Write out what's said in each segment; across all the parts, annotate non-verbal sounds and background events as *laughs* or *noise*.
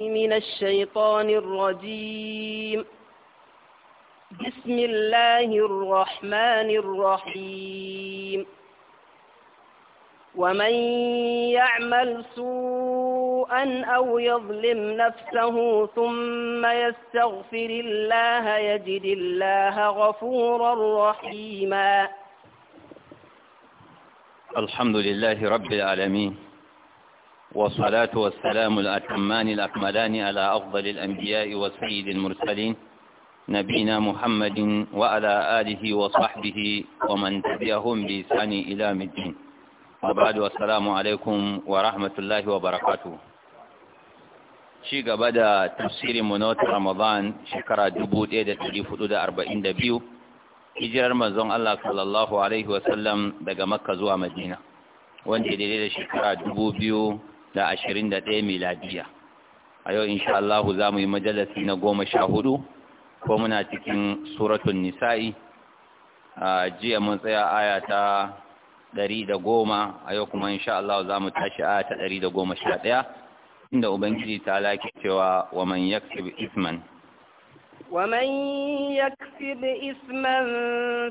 من الشيطان الرجيم بسم الله الرحمن الرحيم ومن يعمل سوءا أو يظلم نفسه ثم يستغفر الله يجد الله غفورا رحيما الحمد لله رب العالمين والصلاة والسلام الأتمان الأكملان على أفضل الأنبياء والسيد المرسلين نبينا محمد وعلى آله وصحبه ومن تبعهم بإسان إلى مدين وبعد والسلام عليكم ورحمة الله وبركاته شيء بدأ تفسير منوت رمضان شكرا جبود إيدة تليف دا أربعين دبيو hijirar manzon Allah sallallahu Alaihi wasallam daga Makka zuwa Madina, wanda ya daidai da shekara dubu biyu da ashirin da ɗaya miladiya a yau insha Allah za mu yi majalasi na goma sha hudu ko muna cikin suratun nisa'i a jiya mun tsaya aya ta ɗari da goma a yau kuma insha Allah za mu tashi aya ta ɗari da goma sha ɗaya inda Ubangiji ta laki cewa wa man yaksib isman ومن يكسب إثما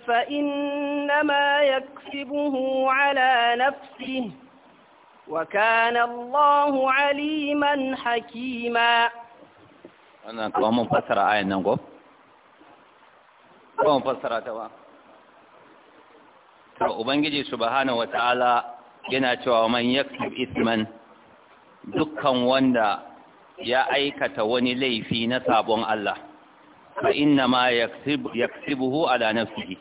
فإنما يكسبه على نفسه وكان الله عليما حكيما انا قوم فسر ايه نقو قوم فسر توا وبنجي سبحانه وتعالى yana cewa man yaktub isman dukkan wanda ya aikata wani laifi na sabon Allah fa inna ma yaktibuhu ala nafsihi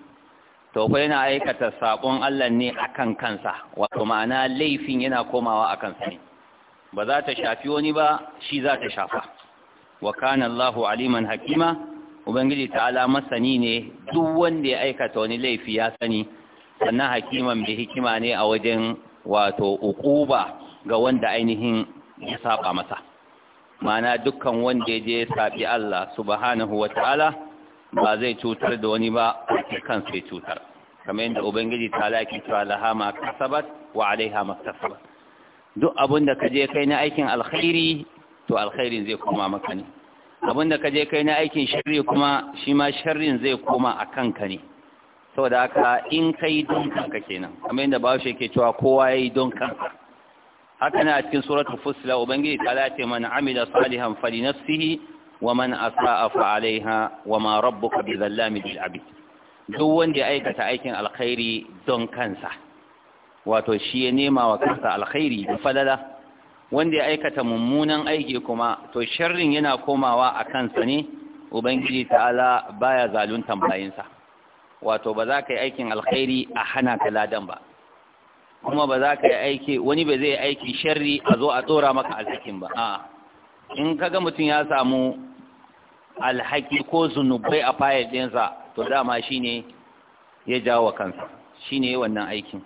to fa yana aikata saƙon Allah ne akan kansa wato ma'ana laifin yana komawa a sa ne ba za ta shafi wani ba shi za ta shafa wa aliman hakima ubangiji ta'ala masani ne duk wanda ya aikata wani laifi ya sani sannan hakiman bi hikima ne a wajen wato Ukuba ga wanda ainihin ya saba masa ma'ana dukkan wanda ya je sabi Allah subhanahu wa ta'ala ba zai cutar da wani ba sai kansa ya cutar kamar yadda ubangiji ta laki cewa Lahama kasabat wa alaiha ma kasabat duk abin da ka je kai na aikin alkhairi to alkhairin zai koma maka ne abin da ka je kai na aikin sharri kuma shi ma sharrin zai koma a kanka ne saboda haka in kai don kanka kenan kamar yadda bahaushe ke cewa kowa ya yi don kanka haka na cikin suratul fusla ubangiji ta lati man amila salihan fali nafsihi ومن أساء فعليها وما ربك بظلام للعبيد duk wanda ya aikata aikin alkhairi don kansa wato shi ya nema wa kansa alkhairi da falala wanda ya aikata mummunan aiki kuma to sharrin yana komawa a kansa ne ubangiji ta'ala baya zaluntan bayinsa wato ba za ka yi aikin alkhairi a hana ka ladan ba kuma ba za ka yi aiki wani ba zai aiki sharri a zo a tsora maka alhakin ba a'a in kaga mutum ya samu alhaki ko zunubai a fayil ɗinsa to dama shi ne ya jawo kansa shi ne wannan aikin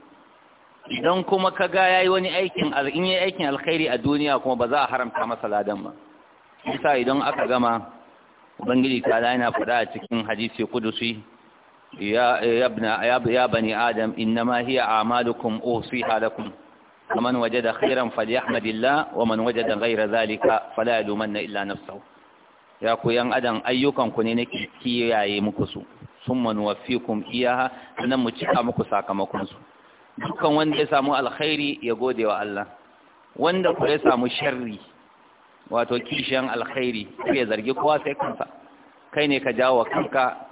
idan kuma ka ga ya yi wani aikin in yi aikin alkhairi a duniya kuma ba za a haramta masa ladan ba isa idan aka gama ubangiji ta yana faɗa a cikin hadisi kudusi ya ya bani adam innama hiya a'malukum usiha lakum faman wajada khairan Ahmadillah, wa man wajada ghayra dhalika fala yalumanna illa nafsahu ya ku yan adam ayyukan ku ne nake kiyaye muku su sun fi manuwafikun iyaha sannan mu cika muku sakamakonsu dukkan wanda ya samu alkhairi ya gode wa Allah wanda ku ya samu sharri wato kishiyan alkhairi ya zargi kowa sai kansa kai ne ka jawo kanka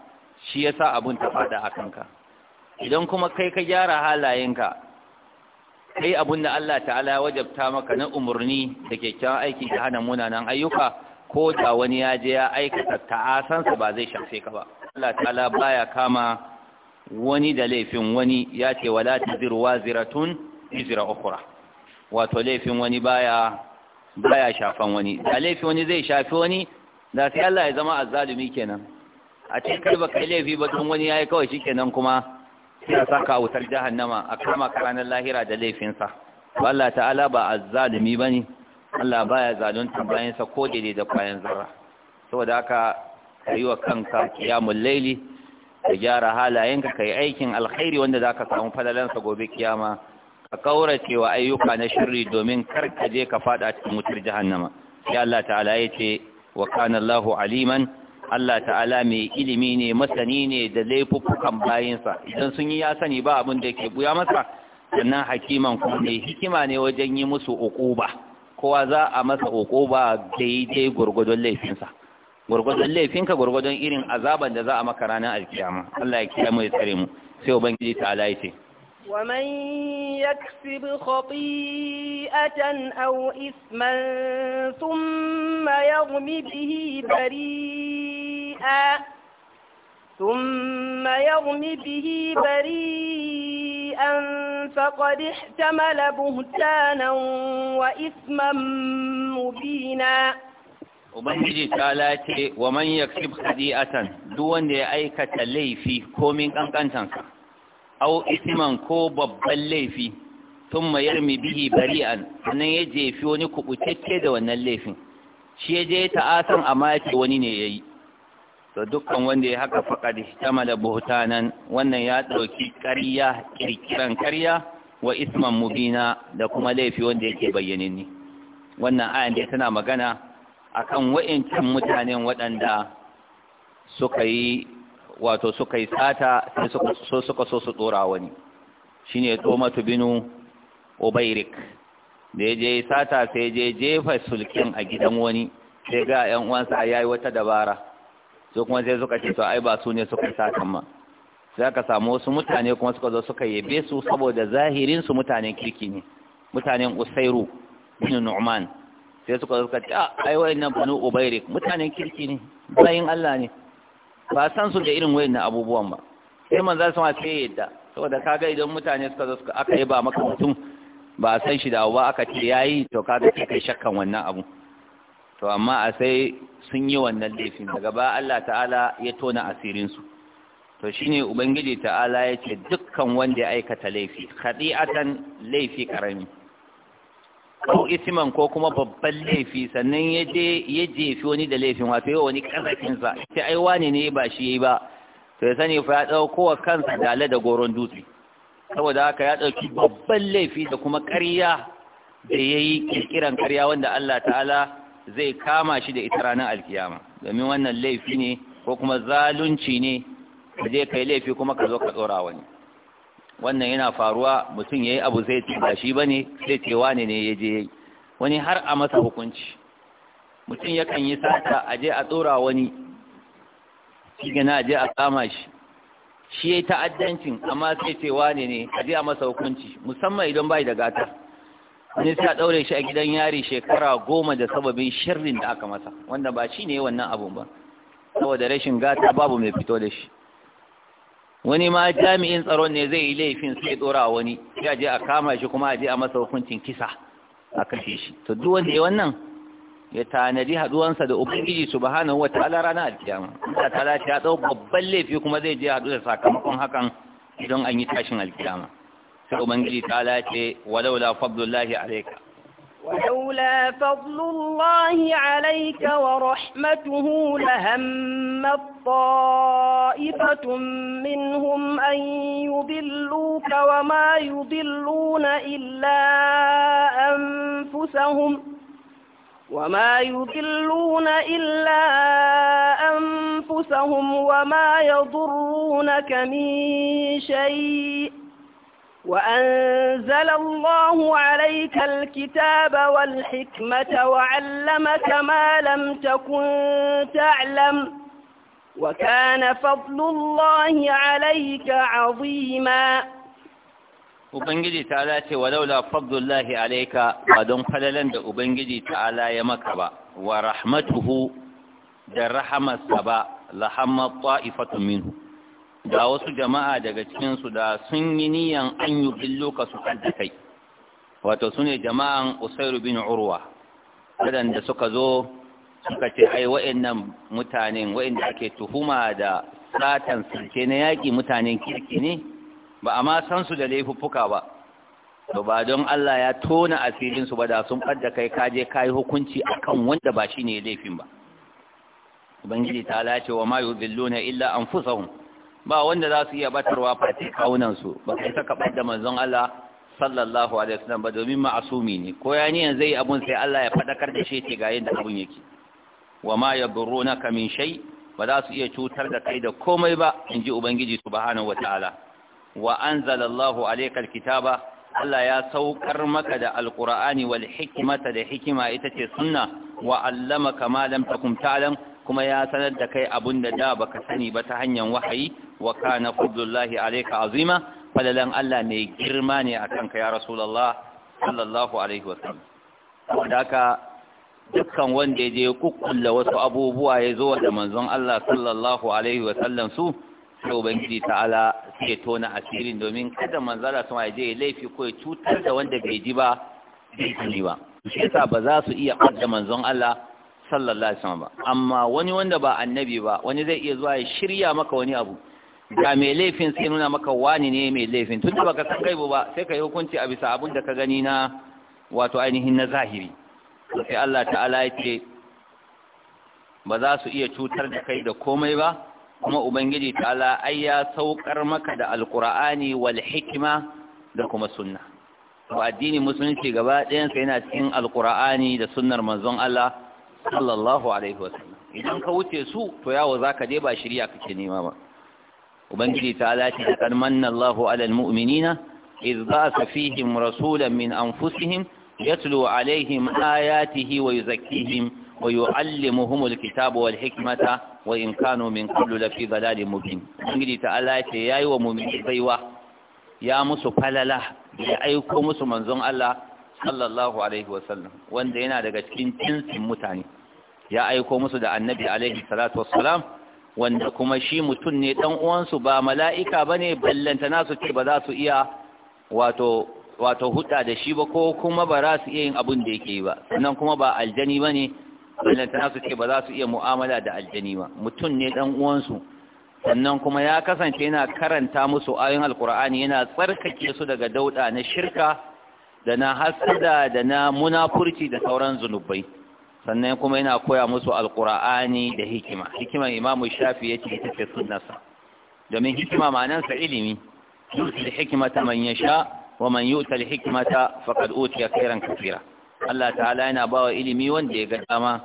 shi ya sa abin ta fada a kanka idan kuma kai ka gyara halayenka kai abin da Allah ta'ala ya wajabta maka na umarni da kyakkyawan aiki da hana munanan ayyuka ko da wani ya je ya aikata ta'asansa ba zai shafe ka ba Allah ta'ala baya kama wani da laifin wani ya ce wala taziru waziratun izra ukhra wato laifin wani baya baya shafan wani da laifin wani zai shafi wani da sai Allah ya zama azzalumi kenan a ce kai laifi ba tun wani yayi kawai shikenan kuma ya saka wutar jahannama a kama ranar lahira da laifinsa Allah ta'ala ba azzalumi bane Allah baya zalunta bayansa ko daidai da kwayan zara. saboda haka kayi wa kanka kiyamul laili ka gyara halayenka kai aikin alkhairi wanda za zaka samu falalansa gobe kiyama ka kaurace wa ayyuka na shirri domin kar ka je ka fada cikin wutar jahannama Ya Allah ta'ala ya ce wa kana Allahu aliman Allah ta'ala mai ilimi ne masani ne da laifukan bayinsa idan sun yi ya sani ba abin da yake buya masa sannan hakiman kuma mai hikima ne wajen yi musu uquba kowa za a masa oko ba daidai gurgudun laifinsa gurgudun laifinka gurgudun irin azaban da za a maka ranar alkiyama Allah ya kiyaye mu ya tsare mu sai ubangiji ta Allah ya ce ومن يكسب خطيئة أو إثما ثم يرم به bari'a. ثم يرم به بريئا فقد احتمل بهتانا وإثما مبينا Ubangiji ta lace wa man yaksib khadi'atan duk wanda ya aikata laifi komin kankantansa au isman ko babban laifi thumma yarmi bihi bari'an sannan ya jefi wani kubutacce da wannan laifin shi ya je ta'asan amma yake wani ne yayi to dukkan wanda ya haka faƙad da buhtanan wannan ya ɗauki ƙarya kirkiran ƙarya wa isman mubina da kuma laifi wanda yake bayyanin ni wannan ayan da tana magana akan wa'incin mutanen waɗanda suka yi wato suka yi sata sai so suka so su dora wani shine Tomatu binu Ubairik da ya je sata sai je jefa sulkin a gidan wani sai ga ƴan uwansa yi wata dabara su kuma sai suka ce to ai ba su ne suka sa kan sai aka samu wasu mutane kuma suka zo suka yabe su saboda zahirin su mutanen kirki ne mutanen usairu bin nu'man sai suka zo suka ce ah, ai wayannan banu ubayrik mutanen kirki ne bayin Allah ne ba san su da irin wayannan abubuwan ba sai su ma sai yadda saboda kaga idan mutane suka zo suka aka yaba maka mutum ba san shi da abu ba aka ce yayi to kaga kai shakkan wannan abu to amma a sai sun yi wannan laifin daga ba Allah ta'ala ya tona asirinsu to shine ubangiji ta'ala ya dukkan wanda ya aikata laifi khadi'atan laifi karami ko isman ko kuma babban laifi sannan ya je ya jefi wani da laifin wato yau wani karfin sa sai ai wane ne ba shi yayi ba to ya sani fa ya dauko wa kansa dale da goron dutse saboda haka ya ɗauki babban laifi da kuma ƙarya da yayi kirkiran ƙarya wanda Allah ta'ala zai kama shi da ita ranar alkiyama domin wannan laifi ne ko kuma zalunci ne ka je kai laifi kuma ka zo ka tsora wani wannan yana faruwa mutum ya yi abu zai ce ba shi sai ce wane ne ya je yi. wani har a masa hukunci mutum yakan yi sata a je a tsora wani shi gina a je a kama shi shi ya yi ta'addancin amma sai ce ne ne a je a masa hukunci musamman idan bai da gata ne sa a ɗaure shi a gidan yari shekara goma da sababin shirin da aka masa wanda ba shi ne wannan abun ba saboda rashin gata babu mai fito da shi wani ma jami'in tsaron ne zai yi laifin sai dora wani ya je a kama shi kuma a je a masa hukuncin kisa a kashe shi to duk wanda ya wannan ya tanadi haduwansa da ubangiji subhanahu ta'ala rana alkiyama Allah ta ya dau babban laifi kuma zai je haɗu da sakamakon hakan idan an yi tashin alkiyama sai ubangiji ولولا فضل الله عليك ولولا فضل الله عليك ورحمته لهم طائفة منهم أن يضلوك وما يضلون إلا أنفسهم وما يضلون إلا أنفسهم وما يضرونك من شيء وأنزل الله عليك الكتاب والحكمة وعلمك ما لم تكن تعلم وكان فضل الله عليك عظيما Ubangiji ta'ala ce walaula fadlullahi alayka ba don falalan da Ubangiji ta'ala ya maka ba wa rahmatuhu da rahamarsa ba la hamma ta'ifatun minhu da wasu jama'a daga cikinsu da sun yi niyan an yi billo ka su da kai wato su ne jama'an usairu bin urwa waɗanda suka zo suka ce ai wa'annan mutanen wa'anda ake tuhuma da satan sulke na yaƙi mutanen kirki ne ba a ma san su da laifuffuka ba to ba don Allah ya tona asirinsu ba da sun kadda kai kaje kai hukunci akan wanda ba shi ne laifin ba ubangiji ta lace wa ma yudilluna illa anfusahum ba wanda za su iya batarwa face kaunansu, ba kai saka da manzon Allah sallallahu alaihi wasallam ba domin ma'asumi ne ko ya yi abun sai Allah ya fadakar da shi ga yadda abun yake wa ma yabrunaka min shay ba za su iya cutar da kai da komai ba inji ubangiji subhanahu wataala wa anzalallahu alayka alkitaba Allah ya saukar maka da alqur'ani wal hikmata da hikima ita ce sunna wa allamaka ma lam takum ta'lam kuma ya sanar da kai abun da da baka sani ba ta hanyar wahayi wa kana fadlullahi alayka azima falalan Allah mai girma ne akan ka ya rasulullah sallallahu alaihi wasallam saboda haka dukkan wanda ya je kukkulla wasu abubuwa ya zo da manzon Allah sallallahu alaihi wasallam su sai ubangiji ta'ala sai tona asirin domin kada manzala sun ya je laifi ko ya cutar da wanda bai ji ba bai sani ba shi yasa ba za su iya kwadda manzon Allah sallallahu alaihi wasallam ba amma wani wanda ba annabi ba wani zai iya zuwa ya shirya maka wani abu ga mai laifin sai nuna maka wani ne mai laifin tunda baka san kai ba sai ka yi hukunci a bisa abin da ka gani na wato ainihin na zahiri sai Allah ta'ala ya ce ba za su iya cutar da kai da komai ba kuma ubangiji ta'ala ai ya saukar maka da alqur'ani wal hikma da kuma sunna to addinin musulunci gaba ɗayan sai yana cikin alqur'ani da sunnar manzon Allah sallallahu alaihi wasallam idan ka wuce su to yawo zaka je ba shirya kake nema ba ubangiji ta lati kan manna Allahu alal mu'minina iz ba'atha fihim rasulan min anfusihim yatlu alaihim ayatihi wa yuzakkihim wa yu'allimuhum alkitaba wal hikmata wa in kanu min qablu lafi dhalalin mubin ubangiji ta lati yayi wa mu'mini baiwa ya musu falala ya aiko musu manzon Allah sallallahu alaihi wasallam wanda yana daga cikin cinsin mutane ya aiko musu da annabi alaihi salatu wassalam wanda kuma shi mutum ne dan uwansu ba mala'ika bane ballanta nasu ce ba za su iya wato wato huda da shi ba ko kuma ba za su iya yin abin da yake ba sannan kuma ba aljani bane ballanta nasu ce ba za su iya mu'amala da aljani ba mutum ne dan uwansu sannan kuma ya kasance yana karanta musu ayoyin alkur'ani yana tsarkake su daga dauda na shirka da na hasada da na munafurci da sauran zunubai sannan kuma yana koya musu alkur'ani da hikima hikiman imamu shafi ya ce ita ce sunnarsa domin hikima ma'anarsa ilimi yusul hikimata man ya sha wa man yusul hikimata faqad utiya khairan kafira. Allah ta'ala yana bawa ilimi wanda ya ga dama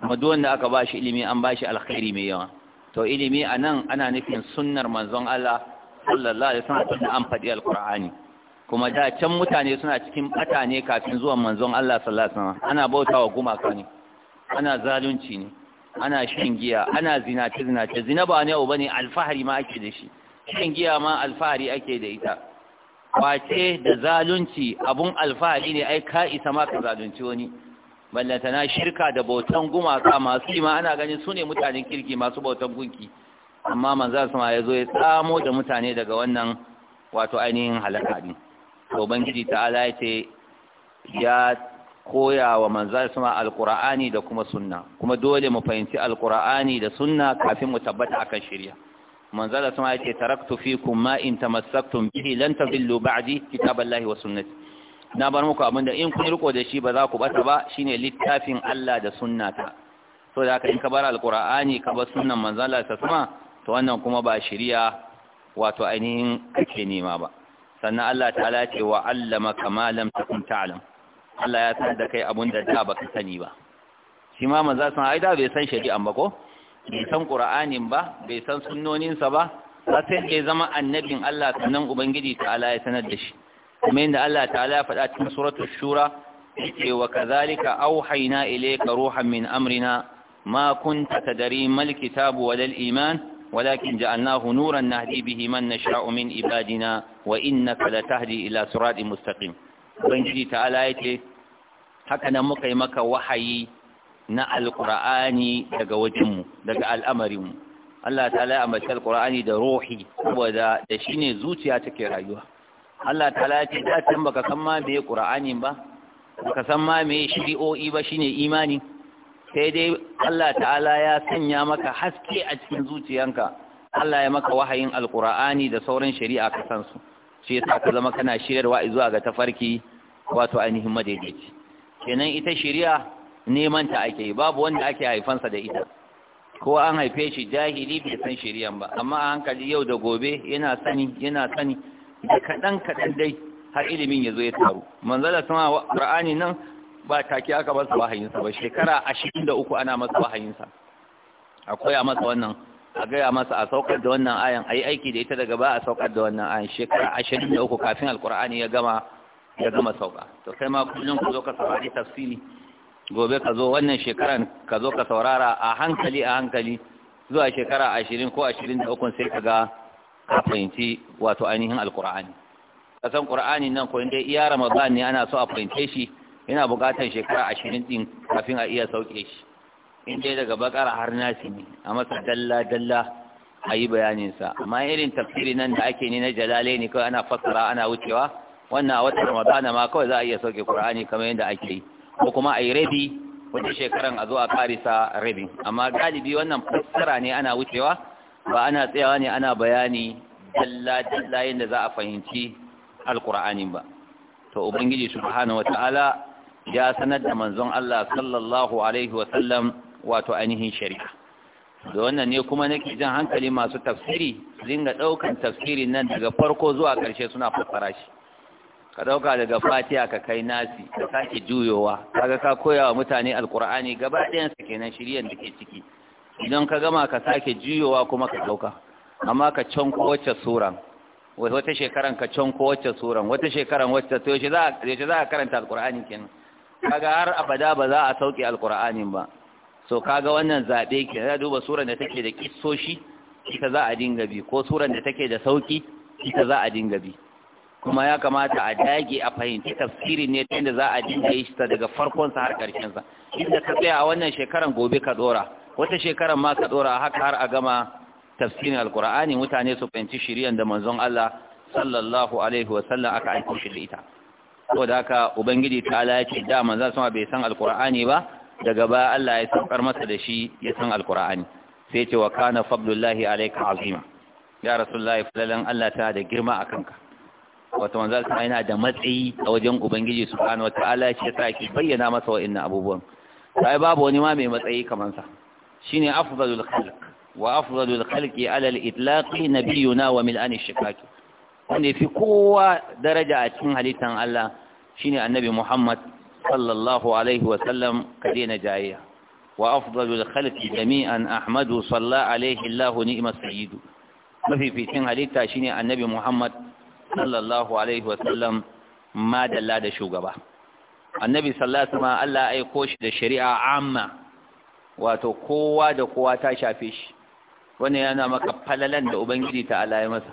kuma duk wanda aka bashi ilimi an bashi alkhairi mai yawa to ilimi a nan, ana nufin sunnar manzon Allah sallallahu alaihi wasallam da an faɗi alkur'ani kuma da can mutane suna cikin bata ne kafin zuwan manzon Allah sallallahu alaihi wasallam ana bautawa gumaka ne ana zalunci ne ana shan giya ana zinace zinace zina ba ne bane alfahari ma ake da shi shan giya ma alfahari ake da ita kwace da zalunci abun alfahari ne ai ka isa ma ka zalunci wani na shirka da bautan gumaka masu ma ana ganin su ne mutanen kirki masu bautan gunki amma manza ma ya zo ya tsamo da mutane daga wannan wato ainihin halaka to ubangiji ta'ala ya ce ya koya wa manzal sama alqur'ani da kuma sunna kuma dole mu fahimci alqur'ani da sunna kafin mu tabbata akan shirya manzal sama yace taraktu fikum kuma in tamassaktum bihi lan tadillu ba'di kitaballahi wa sunnati na bar muku abinda in kun riko da shi ba za ku bata ba shine littafin Allah da sunnata To da haka in ka bar alqur'ani ka bar sunnan manzal sama to wannan kuma ba shirya wato ainihin kake nema ba sannan Allah ta'ala ce wa allama kama lam takun ta'lam Allah ya san da kai abun da da baka sani ba shi ma manzo san aida bai san shari'an ba ko bai san qur'anin ba bai san sunnonin sa ba sai ya zama annabin Allah sannan ubangiji ta'ala ya sanar da shi kuma inda Allah ta'ala ya faɗa cikin suratul shura yace wa kadhalika auhayna ilayka ruhan min amrina ma kunta tadri mal kitabu wal iman ولكن جعلناه نورا نهدي به من نشاء من عبادنا وإنك لتهدي إلى صراط مستقيم ubangiji ta'ala ya ce haka nan muka yi maka wahayi na alqur'ani daga wajenmu daga al'amarinmu Allah ta'ala ya amince alqur'ani da ruhi saboda da ne zuciya take rayuwa Allah ta'ala ya ce Ta can baka san ma me qur'ani ba baka san ma me shiri'o'i ba shine imani sai dai Allah ta'ala ya sanya maka haske a cikin zuciyanka Allah ya maka wahayin alqur'ani da sauran shari'a ka san su shi sa ka zama kana shiryarwa zuwa ga tafarki wato ainihin madaidaici kenan ita shari'a neman ta ake yi babu wanda ake haifansa da ita ko an haife shi jahili bai san shari'an ba amma a hankali yau da gobe yana sani yana sani da kaɗan kaɗan dai har ilimin ya zo ya taru manzala sama ra'ani nan ba take aka masa wahayinsa ba shekara ashirin da uku ana masa wahayinsa a koya masa wannan a gaya masa a saukar da wannan ayan a yi aiki da ita daga ba a saukar da wannan ayan shekara ashirin da uku kafin alkur'ani ya gama ya gama sauka to kai ma kullum ku zo ka saurari tafsiri gobe ka zo wannan shekaran ka zo ka saurara a hankali a hankali zuwa shekara ashirin ko ashirin da ukun sai ka ga ka fahimci wato ainihin alkur'ani kasan qur'ani nan ko inda iya ramadan ne ana so a fahimce shi yana buƙatar shekara ashirin din kafin a iya sauke shi in dai daga bakara har nasi ne a masa dalla dalla a yi bayaninsa amma irin tafsiri nan da ake ne na jalale ne kawai ana fassara ana wucewa wannan a watan ramadana ma kawai za a iya sauke kur'ani kamar yadda ake yi ko kuma a yi rabi wata shekaran a zo a karisa rabin amma galibi wannan fassara ne ana wucewa ba ana tsayawa ne ana bayani dalla dalla yadda za a fahimci alkur'ani ba to ubangiji subhanahu ta'ala ya sanar da manzon Allah sallallahu alaihi sallam wato ainihin shari'a da wannan ne kuma nake jan hankali masu tafsiri su dinga daukan tafsirin nan daga farko zuwa ƙarshe suna fassara shi ka dauka daga fatiha ka kai nasi ka sake juyowa kaga ka koya wa mutane alqur'ani gaba ɗayan sa kenan shiryen da ke ciki idan ka gama ka sake juyowa kuma ka dauka amma ka can ko wacce suran wata shekaran ka can ko wacce suran wata shekaran wacce to yaushe za yaushe za ka karanta alqur'ani kenan kaga har abada ba za a sauke alqur'anin ba so kaga wannan zabe ke za duba suran da take da kissoshi ita za a dinga bi ko suran da take da sauki ita za a dinga bi kuma ya kamata a dage a fahimci tafsirin ne ta yadda za a dinga yi shi daga farkonsa har ƙarshensa inda ka tsaya a wannan shekaran gobe ka ɗora wata shekaran ma ka ɗora haka har a gama tafsirin alkur'ani mutane su fahimci shiriyan da manzon Allah sallallahu alaihi wasallam aka aiko shi da ita da haka ubangiji ta ala ya da manzon sama bai san alkur'ani ba daga baya Allah ya saukar masa da shi ya san alkur'ani sai ce wa kana fadlullahi alayka azima ya rasulullahi fadlan Allah ta da girma akan ka wato manzo kuma yana da matsayi a wajen ubangiji subhanahu wataala shi yasa ki bayyana masa wa'annan abubuwan sai babu wani ma mai matsayi kaman sa shine afdalul khalq wa afdalul khalqi ala al-itlaq nabiyuna wa mil'an ash-shikak wanda fi kowa daraja a cikin halittan Allah shine annabi Muhammad sallallahu alaihi wa sallam kadina jayya wa afdalul khalqi jami'an ahmadu sallallahu alaihi Allah ni'mas sayyid mafi fitin halitta shine annabi Muhammad sallallahu alaihi wasallam madalla da shugaba annabi sallallahu alaihi Allah ya aiko shi da shari'a amma wato kowa da kowa ta shafe shi wannan yana maka falalan da ubangiji ta Allah ya masa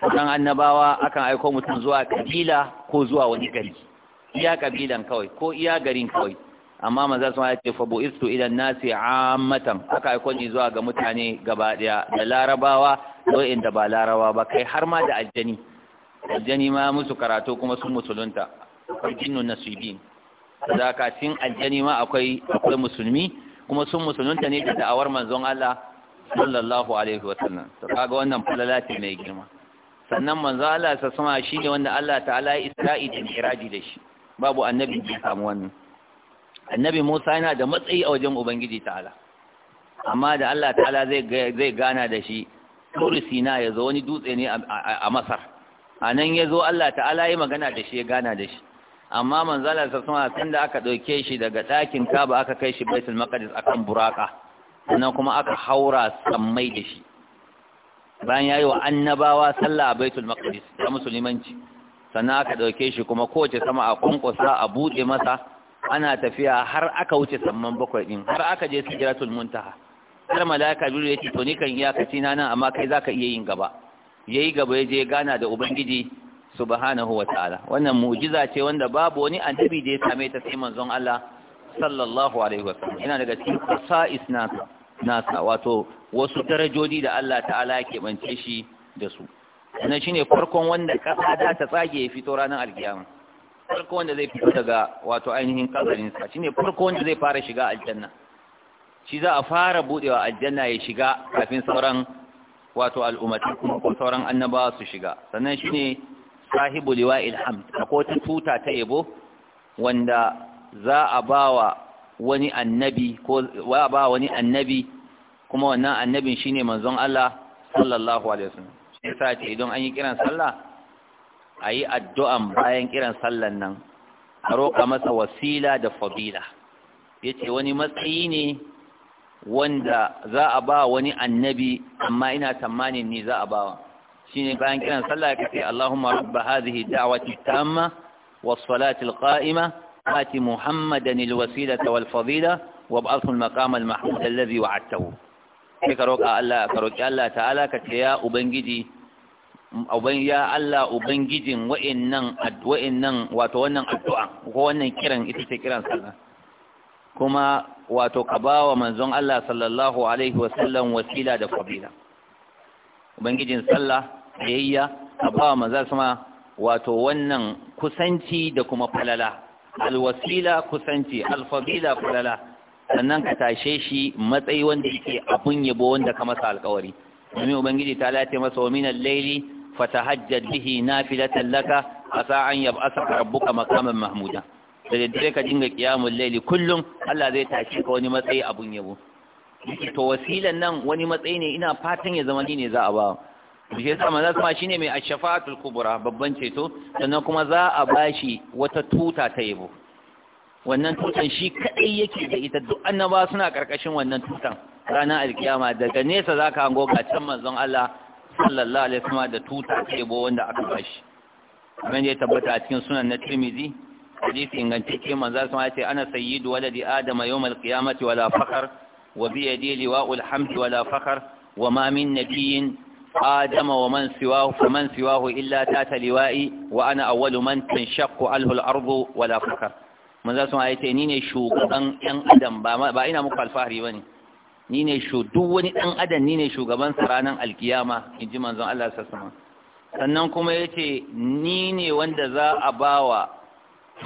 kan annabawa akan aiko mutum zuwa kabila ko zuwa wani gari iya kabilan kawai ko iya garin kawai amma maza sun ya ce fabu istu idan nasi ammatan aka aiko ni zuwa ga mutane gaba daya da larabawa da inda ba larabawa ba kai har ma da aljani aljani ma musu karatu kuma sun musulunta akwai jinnun nasibin zakatin aljani ma akwai akwai musulmi kuma sun musulunta ne da da'awar manzon Allah sallallahu alaihi wa sallam to kaga wannan falalati mai girma sannan manzo Allah sa sama shi ne wanda Allah ta'ala ya isra'i da miraji da shi babu annabi da samu wannan annabi Musa yana da matsayi a wajen ubangiji ta'ala amma da Allah ta'ala zai zai gana da shi turisina Sina ya zo wani dutse ne a Masar a nan ya zo Allah ta'ala yi magana da shi ya gana da shi amma manzala sa suna tun da aka ɗauke shi daga ɗakin kaba aka kai shi baitul maqdis akan buraka sannan kuma aka haura sammai da shi bayan yayi wa annabawa sallah a baitul maqdis da musulmanci sannan aka ɗauke shi kuma kowace sama a kunkusa a buɗe masa ana tafiya har aka wuce samman bakwai ɗin har aka je sijiratul muntaha har mala'ika jibril ya ce to ni kan iyakaci na nan amma kai zaka iya yin gaba Ya yi gaba ya je gana da ubangiji subhanahu ta'ala. wannan mu'jiza ce wanda babu wani annabi da ya same ta sai manzon Allah sallallahu alaihi wasallam yana daga cikin qasa'is nasa nasa wato wasu darajoji da Allah ta'ala ya keɓance shi da su wannan ne farkon wanda kasa da ta tsage ya fito ranar alkiyama farkon wanda zai fito daga wato ainihin kazarin shi ne farkon wanda zai fara shiga aljanna shi za a fara budewa aljanna ya shiga kafin sauran wato al'ummatin kuma ko sauran annabawa su shiga sannan shi ne sahibu liwa'il hamd akwai tuta ta yabo wanda za a ba wa wani annabi ko wa ba wani annabi kuma wannan annabin shine manzon Allah sallallahu alaihi wasallam sai sa ce idan an yi kiran sallah yi addu'an bayan kiran sallan nan a roƙa masa wasila da fadila yace wani matsayi ne wanda za a ba wani annabi amma ina tsammanin ni za a ba. bawa shine bayan kiran sallah kace Allahumma rabb hadhihi da'wati tamma was salati al qa'ima ati muhammadan al wasilata wal fadila وابعث المقام المحمود الذي وعدته sai ka roƙa Allah ka roƙi Allah ta'ala ka ce ya ubangiji uban ya Allah ubangijin wa'annan wa'annan wato wannan addu'a ko wannan kiran ita ce kiran sallah kuma wato ka ba wa manzon Allah sallallahu alaihi wasallam wasila da fadila ubangijin sallah yayya ka ba wa sama wato wannan kusanci da kuma falala alwasila kusanci Alfabila falala sannan ka tashe shi matsayi wanda yake abun yabo wanda ka masa alkawari domin ubangiji ta lati masa wa minal laili fatahajjad bihi nafilatan laka asa an yab'asaka rabbuka Makamin, mahmuda da daddare ka dinga kiyamun laili kullum Allah zai tashi ka wani matsayi abun yabo to wasilan nan wani matsayi ne ina fatan ya zama ni ne za a ba shi yasa manzo kuma shine mai ash-shafa'atul kubra babban ceto sannan kuma za a bashi wata tuta ta yabo wannan tutan shi kadai yake da ita duk annaba suna karkashin wannan tutan ranar alkiyama daga nesa zaka hango ga can manzon Allah sallallahu alaihi wasallam da tuta ta yabo wanda aka bashi kamar ya tabbata a cikin sunan na Tirmidhi hadisi ingantacce manzo sun ce ana sayyidu waladi adama yawmal qiyamati wala fakhar wa bi yadi liwa'ul hamd wala fakhar wa ma min nabiyyin adama wa man siwahu fa man siwahu illa tata liwa'i wa ana awwalu man tanshaqu alhu al-ardu wala fakhar manzo sun ce ni ne shugaban ɗan adam ba ina muku alfahari bane ni ne shu duk wani ɗan adam ni ne shugaban saranan alkiyama inji manzon Allah sallallahu alaihi wasallam sannan kuma yace ni ne wanda za a bawa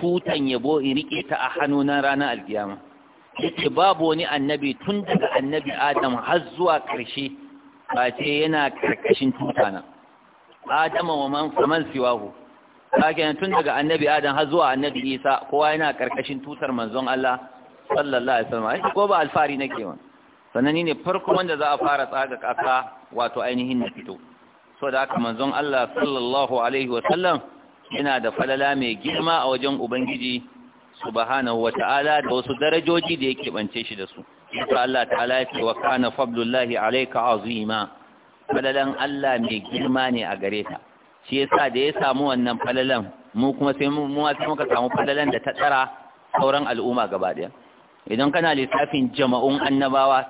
tutan yabo in rike ta a hannunan ranar alkiyama yace babu wani annabi tun daga annabi adam har zuwa karshe ba ce yana karkashin tutana adama wa man faman siwahu kaga tun daga annabi adam har zuwa annabi isa kowa yana karkashin tutar manzon Allah sallallahu alaihi wasallam ai ko ba alfari nake wa sannan ne farko wanda za a fara tsaga kaka wato ainihin na fito so da haka manzon Allah sallallahu alaihi wasallam yana da falala mai girma a wajen ubangiji subhanahu wata'ala da wasu darajoji da ya keɓance shi da su yasa Allah ta'ala ya ce wa kana fadlullahi alayka azima falalan Allah mai girma ne a gare ta shi yasa da ya samu wannan falalan mu kuma sai mu sai muka samu falalan da ta tsara sauran al'umma gaba ɗaya. idan kana lissafin jama'un annabawa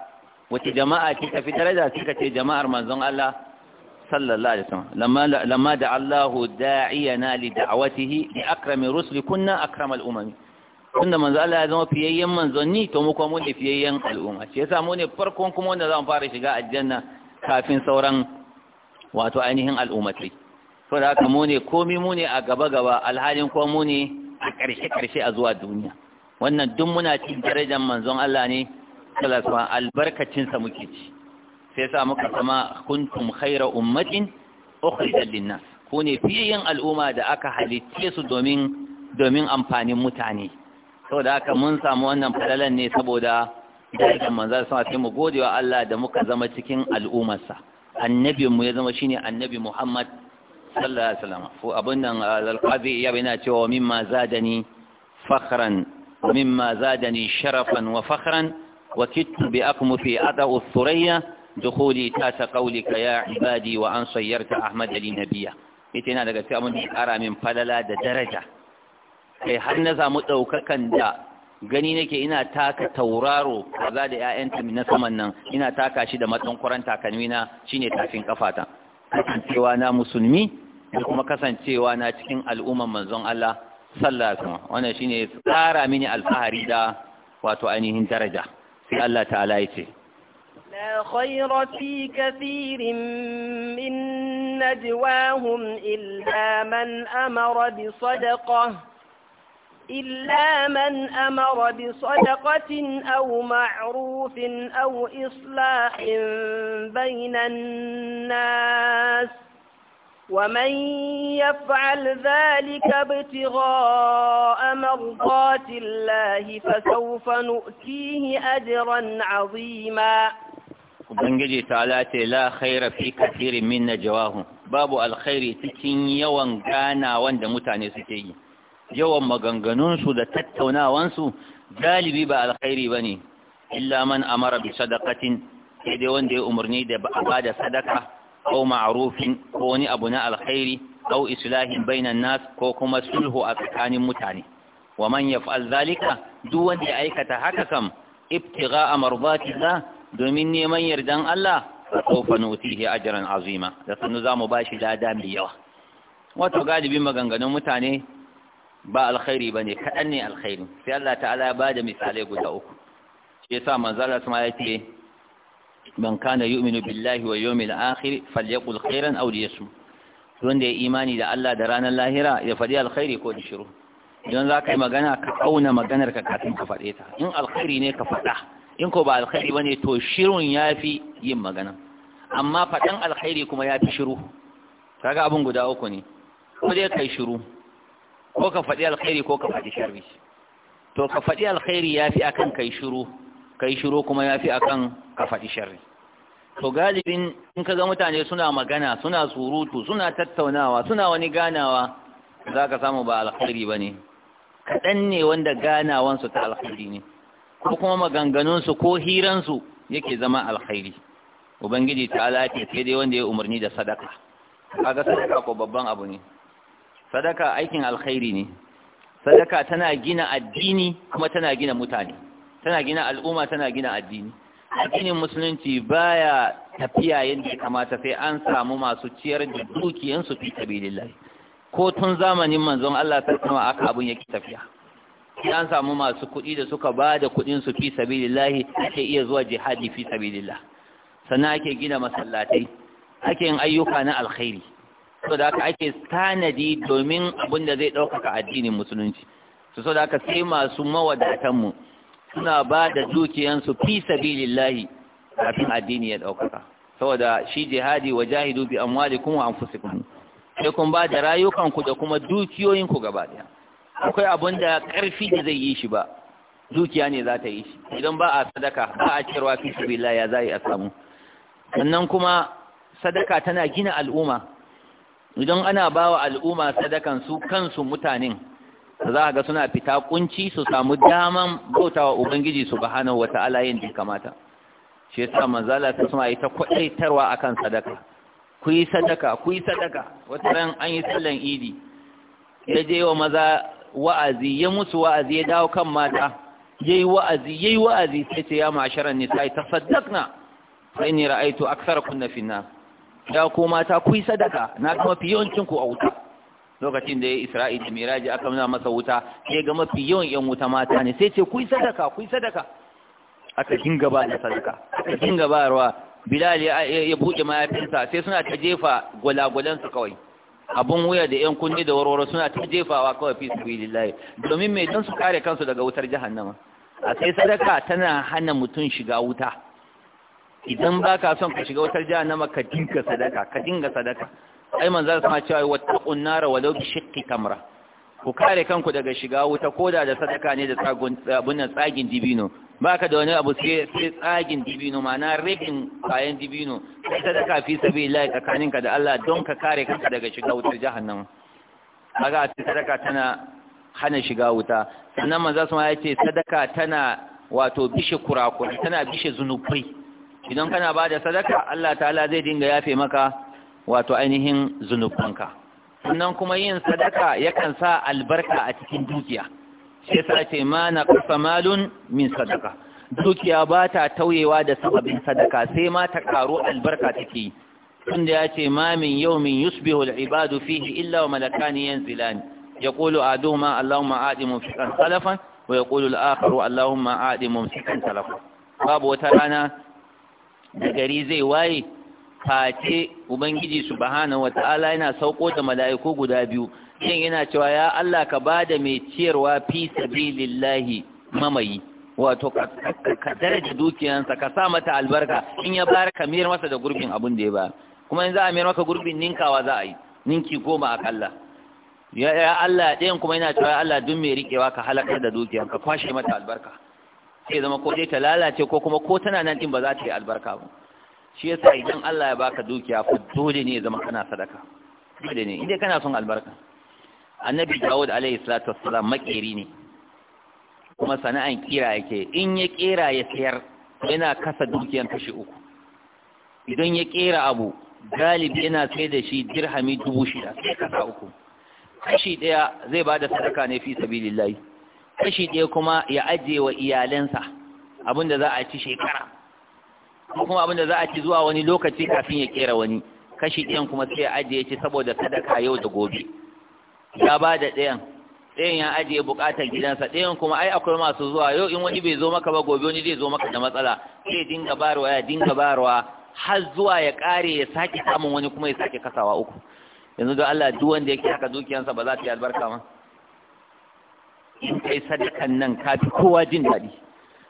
wace jama'a ki tafi fi daraja suka ce jama'ar manzon Allah صلى الله عليه وسلم لما لما دعا الله داعينا لدعوته لأكرم الرسل كنا أكرم الأمم tunda manzo Allah ya zama fiyayyen manzanni to mu kuma mun fiyayyen al'umma shi yasa mu ne farkon kuma wanda zamu fara shiga aljanna kafin sauran wato ainihin al'ummatai to da haka mu ne komai mu ne a gaba gaba alhalin kuma mu ne a ƙarshe ƙarshe a zuwa duniya wannan duk muna cikin darajar manzon Allah ne sallallahu alaihi wasallam albarkacin sa muke ci sai sa muka zama kuntum khaira ummatin ukhrijat linnas ko ne fiyin al'umma da aka halitte su domin domin amfanin mutane saboda haka mun samu wannan fadalan ne saboda dalilan manzo sama sai mu gode wa Allah da muka zama cikin al'ummarsa mu ya zama shine annabi Muhammad sallallahu alaihi wasallam ko abin nan ah, alqazi ya bayana cewa mimma zadani fakhran mimma zadani sharafan wa fakhran wa kittu bi aqmu fi ada'u thuriyya دخولي تاس قولك يا عبادي وأن صيرت أحمد لي نبيا يتنا daga cikin abin ƙara min falala da daraja kai har na samu ɗaukakan da gani nake ina taka tauraro kaza da ta na saman nan ina taka shi da matsan kuran takalmi na shine tafin kafata kasancewa na musulmi da kuma kasancewa na cikin al'umman manzon Allah sallallahu alaihi wasallam wannan shine ƙara mini alfahari da wato ainihin daraja sai Allah ta'ala ya ce لا خير في كثير من نجواهم إلا من أمر بصدقة إلا من أمر بصدقة أو معروف أو إصلاح بين الناس ومن يفعل ذلك ابتغاء مرضات الله فسوف نؤتيه أجرا عظيما ubangiji ta late la khaira fi kathirin min jawahu. babu alkhairi cikin yawan ganawan da mutane suke yi yawan maganganunsu da tattaunawansu galibi ba alkhairi ne. illa man amara bi sadaqatin wanda ya umarni da ba da sadaka ko ma'arufin, ko wani abu na alkhairi ko islahin bainan nas ko kuma sulhu a tsakanin mutane wa man yaf'al zalika duk wanda ya aikata haka kam ibtigha'a mardati domin neman yardan Allah sawfa nutihi ajran azima da sanu zamu bashi lada mai yawa wato galibin maganganun mutane ba alkhairi ne. Kaɗan ne alkhairi sai Allah ta'ala ya bada misalai guda uku shi yasa manzala ya yace man kana yu'minu billahi wa da akhir falyaqul khairan ya su? wanda ya imani da Allah da ranar lahira ya faɗi alkhairi ko shiru idan za ka yi magana ka auna maganar ka kafin ka faɗe ta in alkhairi ne ka faɗa in ko ba alkhairi bane to shirun yafi yin magana amma faɗan alkhairi kuma yafi shiru kaga abin guda uku ne ko dai kai shiru ko ka faɗi alkhairi ko ka faɗi sharri to ka faɗi alkhairi yafi akan kai shiru kai shiru kuma yafi akan ka faɗi sharri to galibin in ka ga mutane suna magana suna surutu suna tattaunawa suna wani ganawa za ka samu ba alkhairi ba ne kaɗan ne wanda ganawansu ta alkhairi ne ko kuma maganganunsu ko hiransu yake zama alkhairi ubangiji ta alaƙi sai dai wanda ya umarni da sadaka ga sadaka ko babban abu ne sadaka aikin alkhairi ne sadaka tana gina addini kuma tana gina mutane tana gina al'umma tana gina addini addinin musulunci baya tafiya yadda ya kamata sai an samu masu ciyar da dukiyansu fi lillahi ko tun zamanin manzon Allah sallallahu alaihi aka abun yake tafiya an samu masu kuɗi da suka ba da kuɗinsu fi sabilillahi ake iya zuwa jihadi fi sabilillah sannan ake gina masallatai ake yin ayyuka na alkhairi so da aka ake tanadi domin abin da zai ɗaukaka addinin musulunci to so da aka sai masu mawadatanmu suna ba da dukiyansu fi sabilillahi kafin addini ya ɗaukaka saboda shi jihadi wa jahidu bi amwalikum wa anfusikum sai kun ba da rayukanku da kuma dukiyoyinku gaba ɗaya akwai abun da ƙarfi da zai yi shi ba dukiya ne za ta yi shi idan ba a sadaka ba a cewa fi sabilillah ya zai a samu sannan kuma sadaka tana gina al'umma idan ana bawa al'umma sadakan su kansu mutanen za a ga suna fita kunci su samu daman bautawa ubangiji su subhanahu wata alayin da kamata shi sa manzala ta ta kwaɗaitarwa a kan sadaka ku yi sadaka ku yi sadaka wata ran an yi sallan idi ya je wa maza wa'azi ya musu wa'azi ya dawo kan mata yayi wa'azi yayi wa'azi sai ce ya ma'asharan nisa'i tasaddaqna fa inni ra'aytu aktharakunna fi an-nar ya ku mata ku yi sadaka na ga mafi yawancin ku a wuta lokacin da ya Isra'il da Miraji aka nuna masa wuta sai ga mafi yawan yan wuta mata ne sai ce ku yi sadaka ku yi sadaka aka dinga ba da sadaka aka dinga ba ruwa Bilal ya buɗe mayafinsa sai suna ta jefa gwalagwalansu kawai abun wuya da yan kunni da warware suna ta jefawa kawai fi lillahi domin mai don su kare kansu daga wutar jahannama a sai sadaka tana hana mutum shiga wuta idan ba ka son ka shiga wutar jahannama ka dinga sadaka ka dinga sadaka ai manzo sama cewa wattaqun nar walau bi shiqqi tamra ku kare kanku daga shiga wuta koda da sadaka ne da abunan tsagin dibino ba ka da wani abu sai tsagin dibino mana rikin kayan dibino sai sadaka fi sabi lai tsakaninka da Allah don ka kare kanka daga shiga wutar jahannama kaga sai sadaka tana hana shiga wuta sannan manzo sun ya ce sadaka tana wato bishe kurakuri tana bishe zunubai idan kana bada sadaka Allah ta'ala zai dinga yafe maka wato ainihin zunubanka sannan kuma yin sadaka yakan sa albarka a cikin dukiya sai sa ce ma na kasa malun min sadaka dukiya ba ta tauyewa da sababin sadaka sai ma ta karo albarka take tunda ya ce ma min yau min yusbihu al-ibadu fihi illa wa malakani yanzilani yaqulu aduhuma allahumma mun mumsikan salafan wa ya yaqulu al-akharu allahumma mun mumsikan salafan babu wata rana da gari zai waye face ubangiji subhanahu wata'ala yana sauko da mala'iku guda biyu shin yana cewa ya Allah ka bada mai ciyarwa fi sabilillahi mamayi wato ka daraja dukiyansa ka sa mata albarka in ya bayar ka miyar masa da gurbin abin da ya ba kuma in za a miyar maka gurbin ninkawa za a yi ninki goma kalla ya ya Allah ɗayan kuma yana cewa ya Allah duk mai rikewa ka halakar da dukiyan ka kwashe mata albarka sai zama ko dai ta lalace ko kuma ko tana nan din ba za ta yi albarka ba shi yasa idan Allah ya baka dukiya fa dole ne ya zama kana sadaka dole ne idan kana son albarka annabi Dawud alaihi salatu wassalam makeri ne kuma sana'an kira yake in ya kera ya sayar yana kasa dukiyan kashi uku idan ya kera abu galibi yana sai da shi dirhami dubu shida sai kasa uku kashi ɗaya zai bada sadaka ne fi sabilillahi kashi ɗaya kuma ya ajiye wa iyalansa abinda za a ci shekara ko kuma abin da za a ci zuwa wani lokaci kafin ya kera wani kashi ɗayan kuma sai ya ajiye shi saboda sadaka yau da gobe ya ba da ɗayan ɗayan ya ajiye buƙatar gidansa ɗayan kuma ai akwai masu zuwa yau in wani bai zo maka ba gobe wani zai zo maka da matsala sai dinga barwa ya dinga barwa har zuwa ya ƙare ya sake samun wani kuma ya sake kasawa uku yanzu don Allah duk wanda yake haka dukiyansa ba za ta yi albarka ma in kai sadakan nan ka kowa jin daɗi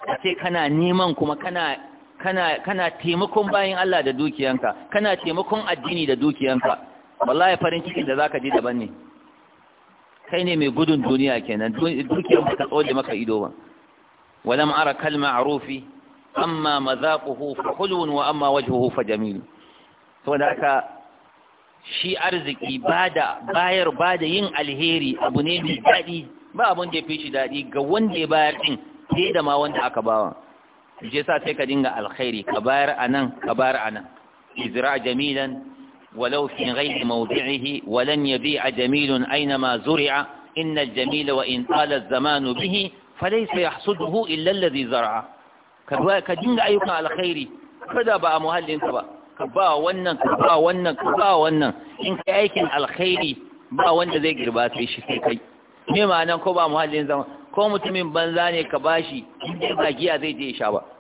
a ce kana neman kuma kana kana kana taimakon bayin Allah da dukiyanka kana taimakon addini da dukiyanka wallahi farin cikin da zaka ji daban ne kai ne mai gudun duniya kenan dukiyar ba ta tsode maka ido ba walam ara kal ma'rufi amma mazaquhu fa hulwun wa amma wajhuhu fa jamil saboda haka shi arziki bada bayar bada yin alheri abu ne mai dadi ba abun da ya fi shi dadi ga wanda ya bayar din sai da ma wanda aka bawa shi yasa sai ka dinga alkhairi ka bayar anan ka bayar anan izra jamilan walau fi mawdi'ihi wa lan yabi'a jamilun zuri'a inna al-jamila wa in tala az-zamanu bihi falaysa yahsuduhu illa alladhi zar'a ka ka dinga alkhairi kada ba a muhallinka ba ka ba wannan ka ba wannan ka ba wannan in kai aikin alkhairi ba wanda zai girba sai shi sai kai me ma'anan ko ba muhallin zama ko mutumin banza ne ka bashi in ba giya zai je sha ba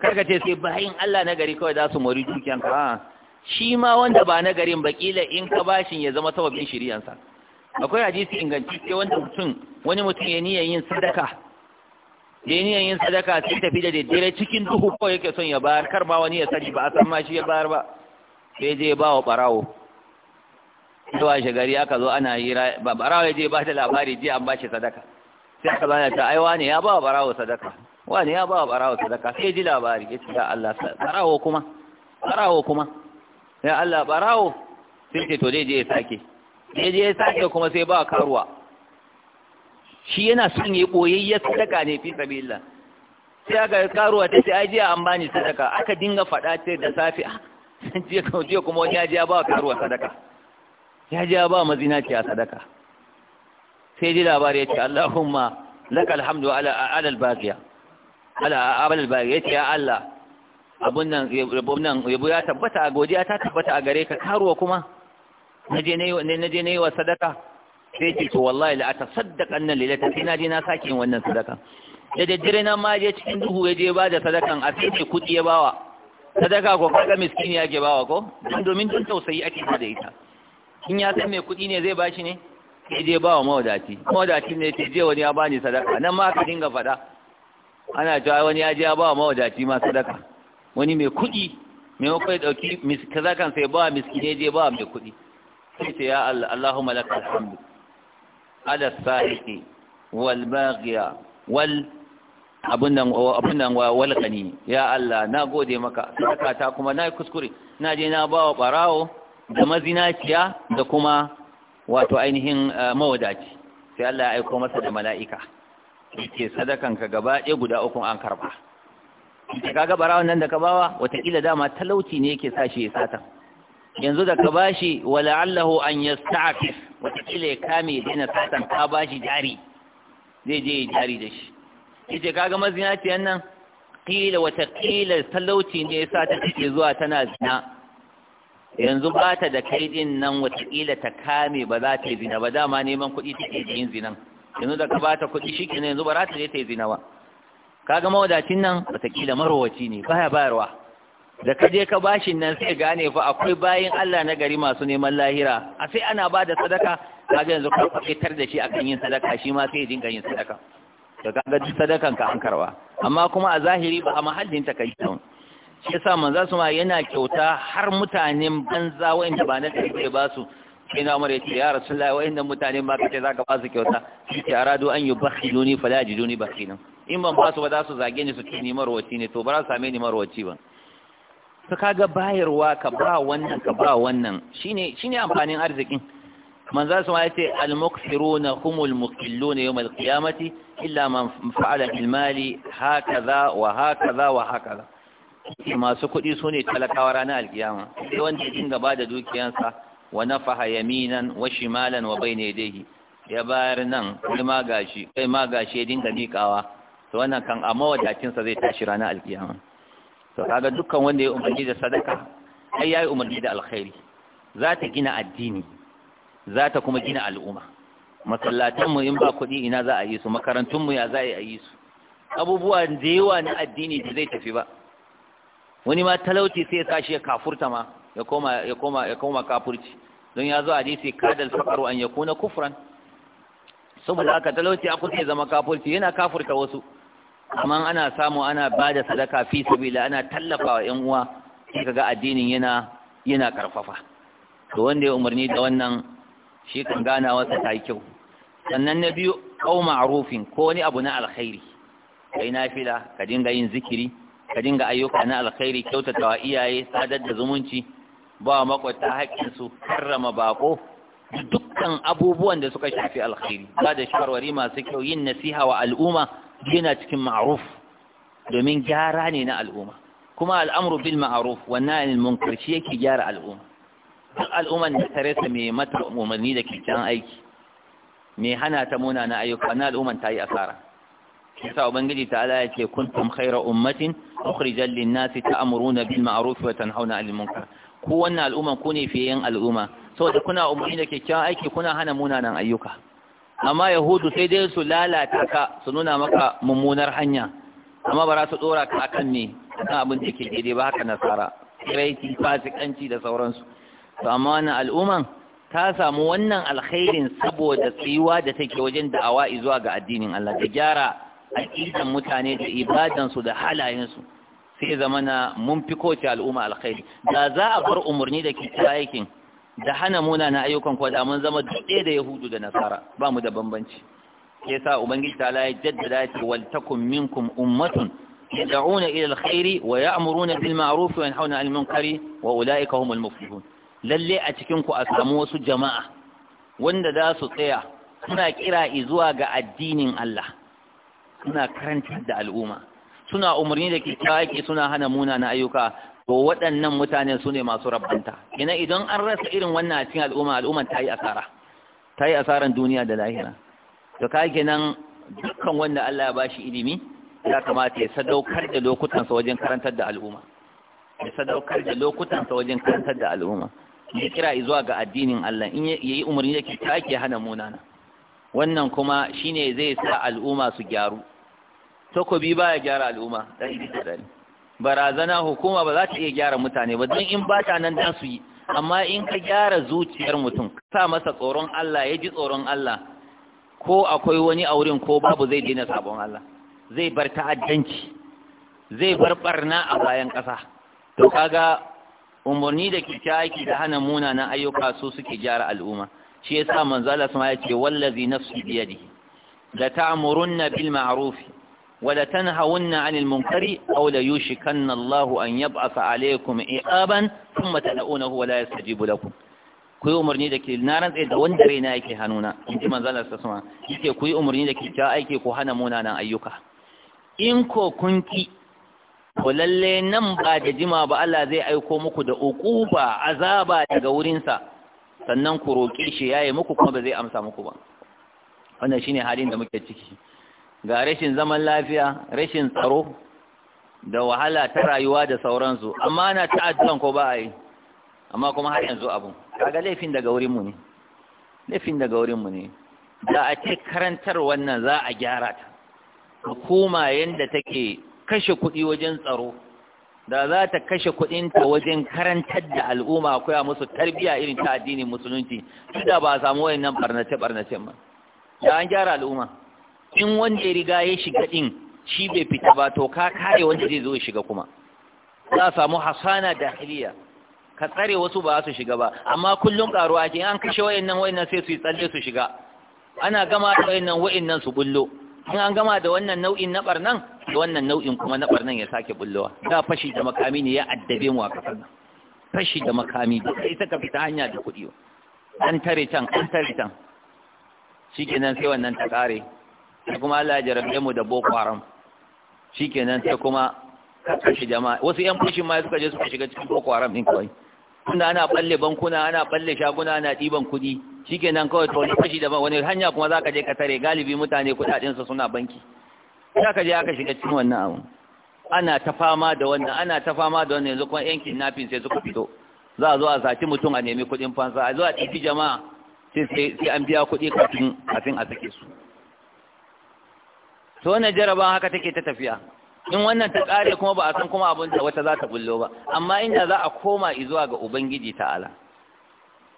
karka ce sai bayin Allah na gari kawai za su mori dukiyanka a shi ma wanda ba na garin ba kila in ka bashin ya zama sababin shiriyansa akwai hadisi inganci sai wanda mutum wani mutum ya niyan yin sadaka ya niyan yin sadaka sai tafi da daddare cikin duhu ko yake son ya bayar kar ma wani ya sani ba a san ma shi ya bayar ba sai je ba wa barawo zuwa gari aka zo ana hira ba barawo ya je ba ta labari je an ba shi sadaka sai aka bana ta aiwa ne ya ba wa barawo sadaka wani ya ba wa barawo sadaka sai ji labari ya ce ya Allah barawo kuma barawo kuma ya Allah barawo sai ce to dai je ya sake dai je ya sake kuma sai ba karuwa shi yana son ya boyayya sadaka ne fi sabilla sai aka karuwa ta ce ai je an bani sadaka aka dinga faɗa ce da safi je je kuma wani ya je ba karuwa sadaka ya je ba mazina ce a sadaka sai ji labari ya ce Allahumma lakal hamdu ala ala al-baqiya ala abal ya ce ya Allah abun nan yabo nan yabo ya tabbata a godiya ta tabbata a gare ka karuwa kuma naje je naje yi wa sadaka sai ce to wallahi la atasaddaq annan lilata sai naje na sake wannan sadaka da daddare nan ma je cikin duhu ya je ba da sadakan a sai ce kudi ya bawa sadaka ko kaga miskini ke bawa ko domin tun tausayi ake da ita in ya san mai kudi ne zai bashi ne sai je bawa mawadaci mawadaci ne ce je wani ya bani sadaka nan ma ka dinga fada ana cewa wani ya je ya ba wa mawadaci ma sadaka wani mai kuɗi dauki ya ɗauki kan sai ba ne je ba mai kuɗi sai ce ya Allah Allahumma laka alhamdu ala sahihi wal baghiya wal abun nan abun nan wal qani ya Allah na gode maka sadaka ta kuma na kuskure na je na ba wa barawo da mazinaciya da kuma wato ainihin eh, mawadaci sai Allah ya aika masa da mala'ika ke sadakan ka gaba ɗaya guda uku an karba Ita kaga barawan nan da ka bawa Wataƙila dama talauci ne yake sa shi ya sata yanzu da ka bashi Allahu an yasta'fif wataƙila ya kame ya daina satan ka bashi jari zai je ya jari da shi Ita kaga mazinaciyan nan kila wataƙila talauci ne ya sata take zuwa tana zina yanzu ba ta da kai din nan wataƙila ta kame ba za ta yi zina ba dama neman kuɗi take yin zinan yanzu da ka ba ta kuɗi shi kenan yanzu ba za ta je ta yi zina ba Ka ga mawadacin nan watakila marowaci ne baya bayarwa da ka je ka bashin nan sai gane fa akwai bayin Allah na gari masu neman lahira a sai ana ba da sadaka kaga yanzu ka fitar da shi akan yin sadaka shi ma sai ya dinga yin sadaka da ga duk sadakan ka an amma kuma a zahiri ba a mahallin ta kai don shi yasa manzo su ma yana kyauta har mutanen banza wanda ba na ba su sai na umar ya ce ya rasulullahi wa inda mutane ma kace ka ba su kyauta shi sai aradu an yi yubakhiluni fala yajiduni bakhilan in ban basu ba za su zage ni su ce ni marwaci ne to ba za su same ni marwaci ba to kaga bayarwa ka ba wannan ka ba wannan shine shine amfanin arzikin manzo su ma yace al muqsiruna humul muqilluna yawm al qiyamati illa man fa'ala bil mali hakaza wa hakaza wa hakaza masu kuɗi su ne talakawa ranar alkiyama sai wanda ya dinga ba da dukiyansa wa nafaha yaminan wa shimalan wa bayna yadayhi ya bayar nan kai ma gashi kai ma gashi ya dinga miƙawa to wannan kan amma mawadacin zai tashi ranar alkiyama to kaga dukkan wanda ya umarni da sadaka ai yayi umarni da alkhairi za ta gina addini za ta kuma gina al'umma masallatan mu in ba kuɗi ina za a yi su mu ya za a yi su abubuwa da yawa na addini da zai tafi ba wani ma talauci sai ya sa shi ya kafurta ma ya koma ya koma ya koma kafirci don ya zo hadisi al faqru an yakuna kufran saboda haka talauci a zama kafirci yana kafirta wasu amma ana samu ana bada sadaka fi sabila ana tallafawa yan uwa sai kaga addinin yana yana karfafa to wanda ya umarni da wannan shi kan gana wasa ta yi kyau sannan na biyu kau ma'rufin ko wani abu na alkhairi kai nafila ka dinga yin zikiri ka dinga ayyuka na alkhairi kyautatawa iyaye sadar da zumunci ba makwata haƙƙinsu karrama bako dukkan abubuwan da suka shafi alkhairi ba da shawarwari masu kyau yin nasiha wa al'umma yana cikin ma'ruf domin gyara ne na al'umma kuma al'amru bil ma'ruf wannan al-munkar shi yake gyara al'umma duk al'umman da tare ta mai mata umarni da kyakkyawan aiki mai hana ta muna na ayyuka na al'umman ta yi asara yasa ubangiji ta'ala ya ce kuntum khayra ummatin ukhrijal lin-nasi ta'muruna bil ma'ruf wa tanhauna 'anil munkar ko wannan al'umman ku ne fiye al'umma saboda kuna umarni da kyakkyawan aiki kuna hana munanan ayyuka amma yahudu sai dai su lalata ka su nuna maka mummunar hanya amma ba za su dora ka akan ne kan abin da ke daidai ba haka nasara kiraiti fasikanci da sauransu to amma wannan al'umman ta samu wannan alkhairin saboda tsayuwa da take wajen da'awa zuwa ga addinin Allah da gyara aqidan mutane da ibadansu da halayensu sai zamana mun fi kowace al'umma alkhairi da za a bar umarni da ke aikin da hana muna na ayyukan kwada da mun zama ɗaya da yahudu da nasara ba mu da bambanci ke sa ubangiji ta la jaddada ce wal takum minkum ummatun yad'una ila alkhairi wa ya'muruna bil ma'ruf wa yanhauna 'anil munkari wa ulaika humul muflihun lalle a cikin ku a samu wasu jama'a wanda za su tsaya suna kira zuwa ga addinin Allah suna karanta da al'umma suna umarni da kyakkyawa yake suna hana munana ayyuka to waɗannan mutane su ne masu rabanta ina idan an rasa irin wannan a cikin al'umma al'umma ta yi asara ta yi asaran duniya da lahira to ka nan dukkan wanda Allah ya bashi ilimi ya kamata ya sadaukar da lokutansa wajen karantar da al'umma ya sadaukar da lokutansa wajen karantar da al'umma ya kira zuwa ga addinin Allah in yayi umarni da kyakkyawa ke hana munana wannan kuma shine zai sa al'umma su gyaru takobi baya gyara al'umma barazana hukuma ba za ta iya gyara mutane ba don in ba ta nan dan su yi amma in ka gyara zuciyar mutum sa masa tsoron Allah ya ji tsoron Allah ko akwai wani a wurin ko babu zai daina sabon Allah zai bar ta'addanci zai bar barna a bayan ƙasa to kaga umarni da kitaki da hana munanan ayyuka su suke gyara al'umma shi yasa manzo Allah sama ya ce wallazi nafsi biyadihi la ta'murunna bil ma'ruf wala tanhawunna 'anil munkari aw la yushikanna Allahu an yab'atha 'alaykum iqaban thumma tad'unahu wa la yastajibu lakum ku yi umarni da ke na rantsa da wanda Na yake hannuna in ji manzalar sa sama yake ku yi umarni da ke ta aiki ko hana munanan ayyuka in ko kun ko lalle nan ba da jima ba Allah zai aiko muku da uquba azaba daga wurinsa sannan ku roƙe shi yayi muku kuma ba zai amsa muku ba wannan shine halin da muke ciki ga rashin zaman lafiya rashin tsaro da wahala ta rayuwa da sauransu amma na ta'addan ko ba a yi amma kuma har yanzu abun kaga laifin daga wurinmu ne laifin daga wurinmu ne da a ce karantar wannan za a gyara ta hukuma yadda take kashe kuɗi wajen tsaro da za ta kashe kuɗinta wajen karantar da al'umma koya musu tarbiyya irin ta addinin musulunci da ba a samu wayannan barnace barnace ba da an gyara al'umma in wanda ya riga ya shiga din shi bai fita ba to ka kare wanda zai zo ya shiga kuma za a samu hasana hiliya ka tsare wasu ba su shiga ba amma kullum karuwa ake an kashe wayannan wayannan sai su yi tsalle su shiga ana gama da wayannan nan su bullo in an gama da wannan nau'in na barnan da wannan nau'in kuma na barnan ya sake bullowa da fashi da makami ne ya addabe mu a kasar nan fashi da makami da sai saka fita hanya da kuɗi an tare can an tare can kenan sai wannan ta kare sai kuma Allah ya jarabe mu da boko haram shikenan sai kuma kashe jama'a wasu yan fushin ma suka je suka shiga cikin boko haram din kawai tunda ana balle bankuna ana balle shaguna ana ɗiban kuɗi shikenan kawai to wani fashi daban wani hanya kuma za ka je ka tare galibi mutane kudaden su suna banki za ka je aka shiga cikin wannan abu ana ta fama da wannan ana ta fama da wannan yanzu kuma yan kidnapping sai suka fito za a zo a saki mutum a nemi kuɗin fansa a zo a ɗifi jama'a sai sai an biya kuɗi kafin kafin a sake su to wannan jaraba haka take ta tafiya in wannan ta kare kuma ba a san kuma abin da wata za ta bullo ba amma inda za a koma zuwa ga ubangiji ta'ala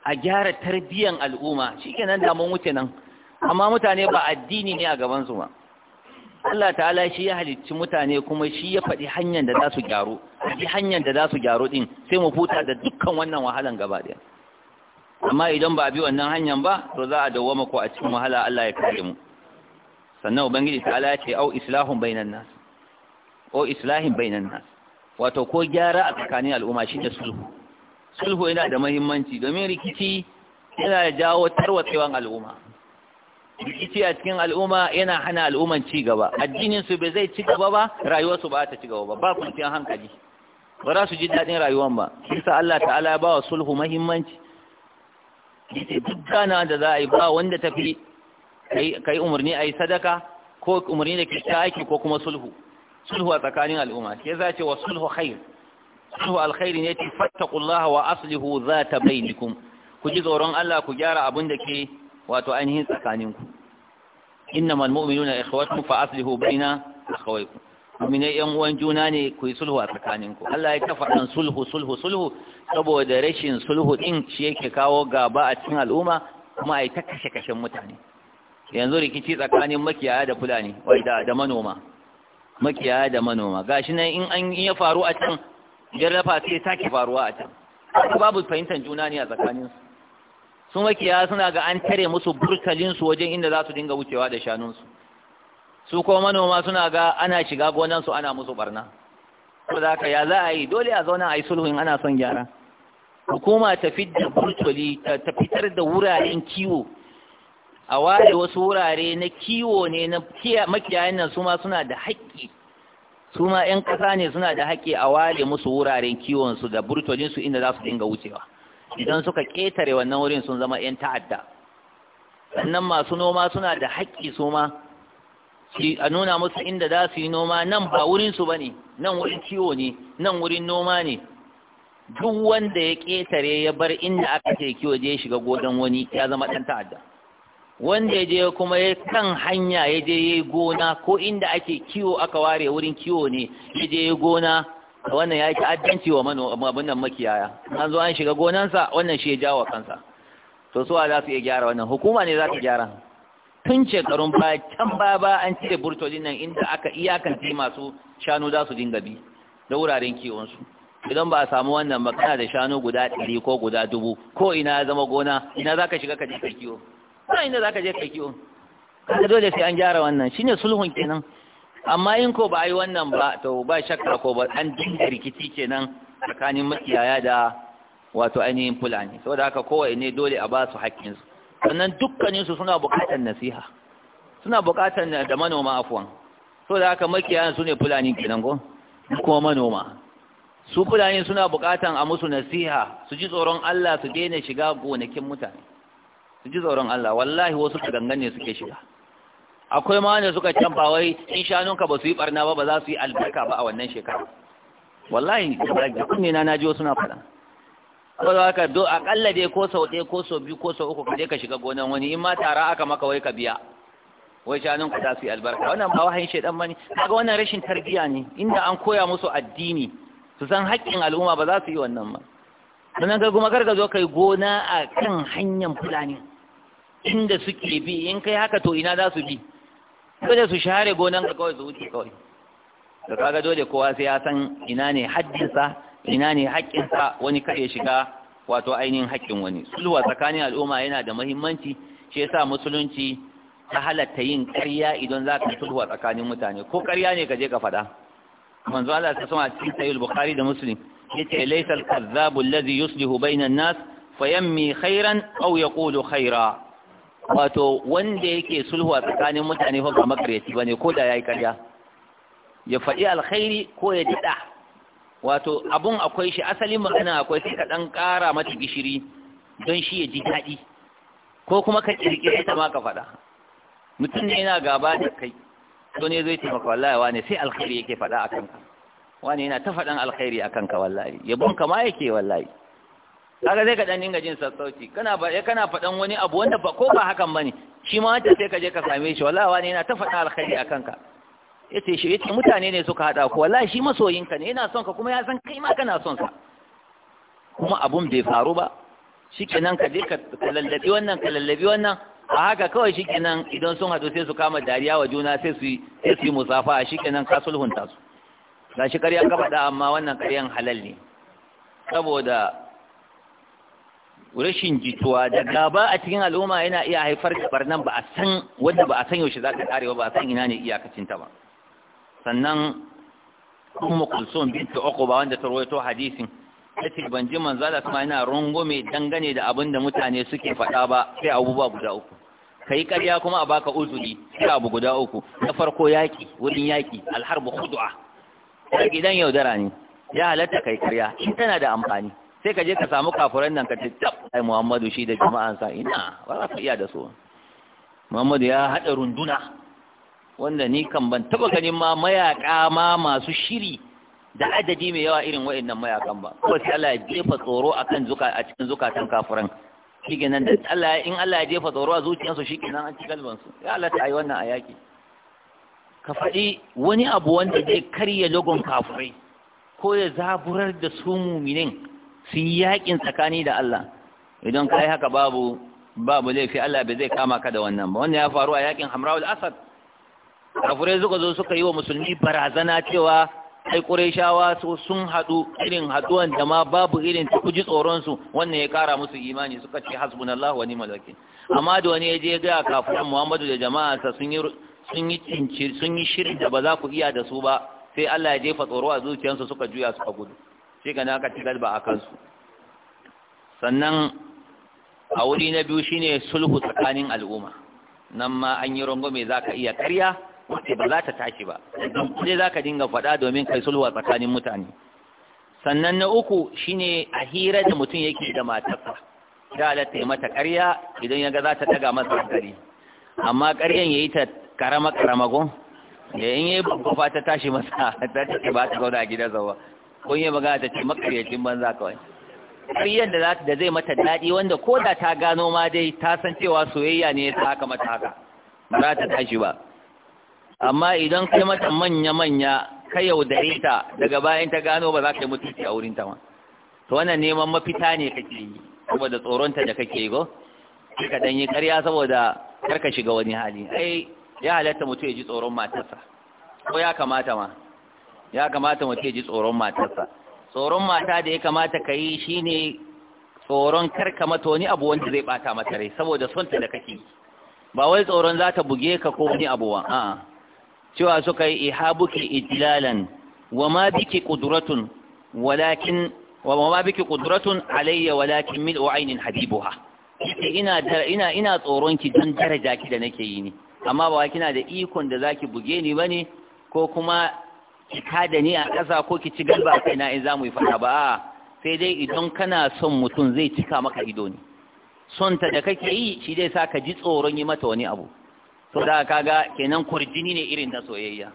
a gyara tarbiyan al'umma shikenan da mun wuce nan amma mutane ba addini ne a gaban su ba Allah ta'ala shi ya halicci mutane kuma shi ya faɗi hanyar da za su gyaru faɗi hanyar da za su gyaru ɗin sai mu futa da dukkan wannan wahalan gaba ɗaya amma idan ba a bi wannan hanyar ba to za a dawwama ko a cikin wahala Allah ya kare mu sannan ubangiji ta'ala ya ce au islahun bainan nas o islahin bainan nas wato ko gyara a tsakanin al'umma shi da sulhu sulhu yana da mahimmanci domin rikici yana jawo tarwatsewan al'umma rikici a cikin al'umma yana hana al'umman ci gaba addinin su bai zai ci gaba ba rayuwar su ba ta ci gaba ba ba kwanciyar hankali ba za su ji daɗin rayuwar ba kisa Allah ta'ala bawa ba wa sulhu muhimmanci duk gana da za a yi ba wanda tafi kai umarni a yi sadaka ko umarni da kyakkyar aiki ko kuma sulhu sulhu a tsakanin al'umma ke za ce wa sulhu khair sulhu alkhairi ne ce fattakullaha wa aslihu za ta bainikum ku ji tsoron Allah ku gyara abin da ke wato ainihin tsakaninku innamal mu'minuna ikhwatun fa aslihu baina akhawaykum mu'mine yan uwan juna ne ku yi sulhu a tsakaninku Allah ya ta faɗan sulhu sulhu sulhu saboda rashin sulhu din shi yake kawo gaba a cikin al'umma kuma yi ta kashe kashen mutane yanzu rikici tsakanin makiyaya da fulani da manoma makiyaya da manoma gashi nan in an ya faru a can jarrafa sai sake faruwa a can babu fahimtar juna ne a tsakanin su makiyaya suna ga an tare musu burkalin su wajen inda za su dinga wucewa da shanun su su ko manoma suna ga ana shiga gonan su ana musu barna ko da haka ya za a yi dole a zauna a yi sulhu in ana son gyara hukuma ta fitar da Burtali ta fitar da wuraren kiwo a ware wasu wurare na kiwo ne na makiyayan nan su ma suna da haƙƙi su ma 'yan ƙasa ne suna da haƙƙi a ware musu wuraren kiwonsu da burtolinsu inda za su dinga wucewa idan suka ƙetare wannan wurin sun zama 'yan ta'adda sannan masu noma suna da haƙƙi su ma a nuna musu inda za su yi noma nan ba wurinsu ba ne nan wurin kiwo ne nan wurin noma ne duk wanda ya ƙetare ya bar inda aka ce kiwo je shiga godon wani ya zama ɗan ta'adda wanda ya je kuma ya kan hanya ya je ya yi gona ko inda ake kiwo aka ware wurin kiwo ne ya je ya gona wannan ya yi ta'addanci wa abin makiyaya an zo an shiga gonansa wannan shi ya jawo kansa to su za su iya gyara wannan hukuma ne za ta gyara tun shekarun baya can baya ba an cire burtolin nan inda aka iyakance masu shanu za su dinga bi da wuraren kiwonsu idan ba a samu wannan ba kana da shanu guda ɗari ko guda dubu ko ina ya zama gona ina za ka shiga ka je ka kiwo ba inda zaka ka je kai kiwo kaga dole sai an gyara wannan shine sulhun kenan amma in ko ba a yi wannan ba to ba shakka ko ba an dinga rikici kenan tsakanin makiyaya da wato ainihin fulani saboda haka kowai ne dole a ba su su sannan dukkaninsu suna buƙatar nasiha suna buƙatar da manoma afuwan saboda haka makiyaya su ne fulani kenan ko kuma manoma su fulani suna buƙatar a musu nasiha su ji tsoron Allah su daina shiga gonakin mutane su ji tsoron Allah wallahi wasu da gangan ne suke shiga akwai ma ne suka canfa wai in shanunka ba su yi barna ba ba za su yi albarka ba a wannan shekara wallahi da kunne na naji wasu na fara ko za ka do akalla dai ko sau ɗaya ko sau biyu ko sau uku ka je ka shiga gonan wani in ma tara aka maka wai ka biya wai shanun ku za su yi albarka wannan ba wahayin shaidan bane kaga wannan rashin tarbiya ne inda an koya musu addini su san haƙƙin al'umma ba za su yi wannan ba sannan ka kuma kar ka zo kai gona a kan hanyar fulani inda suke bi in kai haka to ina za su bi dole su share gonan ka kawai su wuce kawai da kaga dole kowa sai ya san ina ne haddinsa ina ne haƙƙinsa wani kar shiga wato ainihin haƙƙin wani sulwa tsakanin al'umma yana da muhimmanci shi yasa musulunci ta halatta yin ƙarya idan za ka sulwa tsakanin mutane ko ƙarya ne ka je ka faɗa manzo Allah ta sama cikin sahih bukhari da muslim yace laysa al-kadhabu alladhi yuslihu bayna an-nas fayammi khairan aw yaqulu khaira wato wanda yake sulhu a tsakanin mutane fa ba makareci bane ko da yayi karya ya faɗi alkhairi ko ya dida wato abun akwai shi asalin magana akwai sai ka dan ƙara mata gishiri don shi ya ji daɗi ko kuma ka kirkire ta ma ka faɗa mutum ne yana gaba da kai to ne zai taimaka wallahi wane sai alkhairi yake faɗa akan ka wane yana ta fadan alkhairi akan ka wallahi yabon ka ma yake wallahi kaga zai ka dan dinga jin sassauci kana ba eh, kana fadan wani abu wanda ba ko ba hakan bane shi ma wanda sai ka je ka same shi wallahi wani yana ta fada alkhairi akan ka yace shi yace mutane ne suka hada ku wallahi shi masoyinka ne yana son ka kuma ya san kai ma kana son sa kuma abun bai faru ba shikenan ka je ka lallabi wannan ka lallabi wannan a haka kawai shikenan idan sun hadu sai su kama dariya wa juna sai su sai su yi musafa shikenan ka sulhunta su gashi ƙarya ka faɗa amma wannan ƙaryan halal ne saboda rashin jituwa da gaba a cikin al'umma yana iya haifar da barnan ba a san wanda ba a san yaushe za ka karewa ba a san ina ne iyakacinta ba sannan bin ta uku ba wanda ta rawaito hadisin ce ban ji manzo da kuma yana rungume dangane da abin da mutane suke faɗa ba sai abubuwa guda uku kai ƙarya kuma a baka uzuri sai abu guda uku na farko yaƙi, wurin yaki alharbu khud'a gidan yaudara ne ya halatta kai karya. in tana da amfani sai ka je ka samu kafuran nan ka ce tab ai Muhammadu shi da jama'ansa ina ba za ka iya da su Muhammadu ya haɗa runduna wanda ni kan ban taba ganin ma mayaka ma masu shiri da adadi mai yawa irin wa'annan mayakan ba ko sai Allah ya jefa tsoro akan zuka a cikin zukatan kafiran shikenan da Allah in Allah ya jefa tsoro a zuciyarsu shikenan an ci galban su ya Allah ta ayi wannan a yaki ka faɗi wani abu wanda zai karya logon kafurai ko ya zaburar da su muminin sun yi haƙin tsakani da Allah idan ka yi haka babu babu laifi Allah bai zai kama ka da wannan ba wannan ya faru a yakin Hamrawul Asad kafurai suka zo suka yi wa musulmi barazana cewa ai Qurayshawa su sun hadu irin haduwan da ma babu irin ta kuji tsoron su wannan ya kara musu imani suka ce hasbunallahu wa ni'mal wakeel amma da wani ya je ga kafirin Muhammadu da jama'a sa sun yi sun yi sun yi shirin da ba za ku iya da su ba sai Allah ya jefa tsoro a zuciyarsu suka juya suka gudu sai ka naka ci galba a kansu sannan a wuri na biyu shine sulhu tsakanin al'umma nan ma an yi rungume za ka iya karya wacce ba za ta tashi ba sai za ka dinga faɗa domin kai sulhu a tsakanin mutane sannan na uku shine a hira da mutum yake da matarsa da halatta ya mata karya idan ya ga za ta ɗaga masa hankali amma karyan ya yi ta karama karama gon eh, ya yi babba ta tashi masa *laughs* ta ce ba ta zauna a gidan zawa ko yi magana da ce makaryacin banza kawai ƙariyar da da zai mata daɗi wanda ko da ta gano ma dai ta san cewa soyayya ne ta haka mata haka ba za ta tashi ba amma idan kai mata manya-manya ka yaudare ta daga bayan ta gano ba za ka yi mutunci a wurin ta ma to wannan neman mafita ne kake yi saboda tsoronta da kake yi go ka dan yi ƙarya saboda kar ka shiga wani hali ai ya halatta mutum ya ji tsoron matarsa ko ya kamata ma ya kamata mu ji tsoron matarsa tsoron mata da ya kamata ka yi shi ne tsoron karka mata wani abu wanda zai bata mata rai saboda son ta da kake ba wai tsoron za ta buge ka ko wani abu ba a'a cewa suka yi ihabuki ijlalan wa ma biki qudratun walakin wa ma biki qudratun alayya walakin mil aynin habibuha ina ina ina tsoron ki dan daraja ki da nake yi ne amma ba kina da ikon da zaki buge ni bane ko kuma ki da ni a ƙasa ko ki ci galba kai na in za mu yi faɗa ba sai dai idan kana son mutum zai cika maka ido ne son ta da kake yi shi dai sa ka ji tsoron yi mata wani abu to da kaga kenan kurjini ne irin na soyayya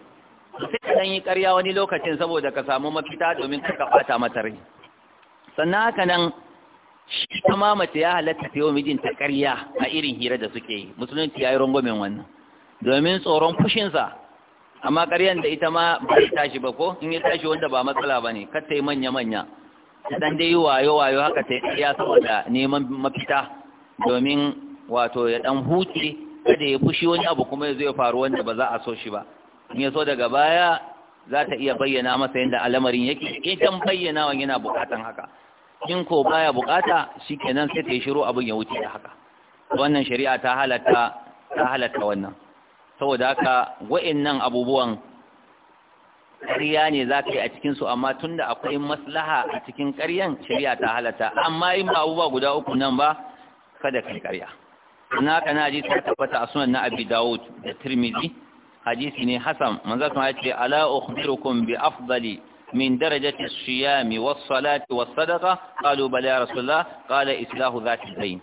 sai ka yi ƙarya wani lokacin saboda ka samu mafita domin ka ɓata mata rai sannan haka nan shi ta mace ya halatta ta yi mijinta ƙarya a irin hira da suke yi musulunci ya yi rangwamen wannan domin tsoron fushinsa amma ƙaryar da ita ma ba ta tashi ba ko in yi tashi wanda ba matsala ba ne kar ta yi manya-manya dan dai wayo-wayo haka ta yi, ya saboda neman mafita domin wato ya dan huce kada ya fushi wani abu kuma ya zai faru wanda ba za a so shi ba in ya so daga baya za ta iya bayyana masa yadda al'amarin yake idan wani yana bukatan haka in ko baya bukata kenan sai ta yi shiru abin ya wuce da haka wannan shari'a ta halatta ta halatta wannan saboda haka wa'annan abubuwan ƙarya ne za ka yi a cikinsu amma tun da akwai maslaha a cikin ƙaryan shari'a ta halatta amma in ba abubuwa guda uku nan ba kada ka yi ƙarya na ka na ji ta tabbata a sunan na abi dawud da tirmidhi hadisi ne hasan manzo kuma ya ce ala ukhbirukum bi afdali min darajati ash-siyami was-salati was-sadaqa qalu bala ya rasulullah qala islahu dhati bayn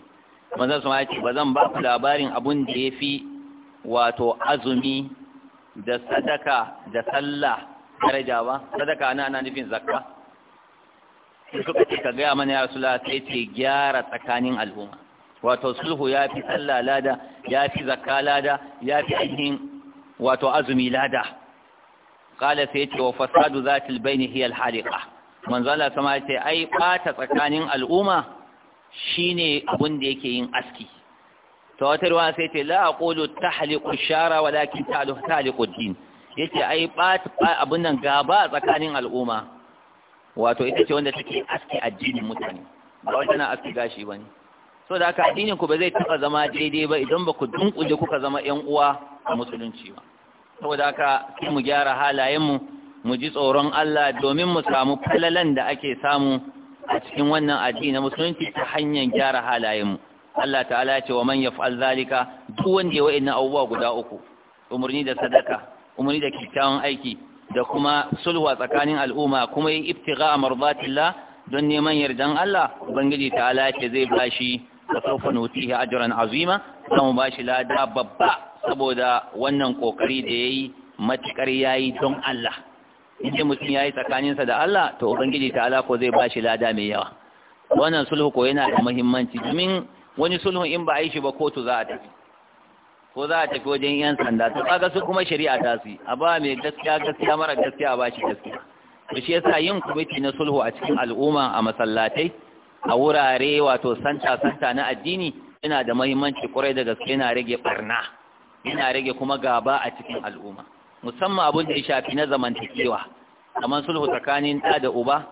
manzo kuma ya ce bazan ba ku labarin abun da yafi wato azumi da sadaka da sallah daraja ba sadaka na ana nufin zakka suka ce ka gaya mana ya rasula sai ce gyara tsakanin al'umma wato sulhu ya fi sallah lada ya fi zakka lada ya fi ainihin wato azumi lada kala sai ce wa fasadu zatil baini hiya alhaliqa manzo Allah sama ce ai bata tsakanin al'umma shine abun da yake yin aski ta wata ruwa sai ce la ta tahliqu shara ta tahliqu din yace ai bat abun nan gaba tsakanin al'umma wato ita ce wanda take aski addinin mutane ba wata na aski gashi ne. so da haka addinin ku ba zai taba zama daidai ba idan ba ku dunkuje kuka zama 'yan uwa a musulunci ba da haka sai mu gyara halayenmu mu ji tsoron Allah domin mu samu falalan da ake samu a cikin wannan addini na musulunci ta hanyar gyara halayen mu Allah ta'ala ya ce wa man yaf'al zalika duk wanda ya wa'annan abubuwa guda uku umurni da sadaka umurni da kyakkyawan aiki da kuma sulhu tsakanin al'umma kuma yin ibtigha mardatillah don neman yardan Allah ubangiji ta'ala ya ce zai bashi wa sawfa nutihi ajran azima zan bashi lada babba saboda wannan kokari da yayi matukar yayi don Allah in mutum yayi tsakaninsa da Allah to ubangiji ta'ala ko zai bashi lada mai yawa wannan sulhu ko yana da muhimmanci domin wani sulhu in ba a shi ba kotu za a tafi ko za a tafi wajen yan sanda to tsaga su kuma shari'a ta su a ba mai gaskiya gaskiya mara gaskiya ba shi gaskiya to shi yasa yin kwamiti na sulhu a cikin al'umma a masallatai a wurare wato santa santa na addini yana da muhimmanci kwarai da gaske yana rage barna yana rage kuma gaba a cikin al'umma musamman abun da ya shafi na zamantakewa kamar sulhu tsakanin ɗa da uba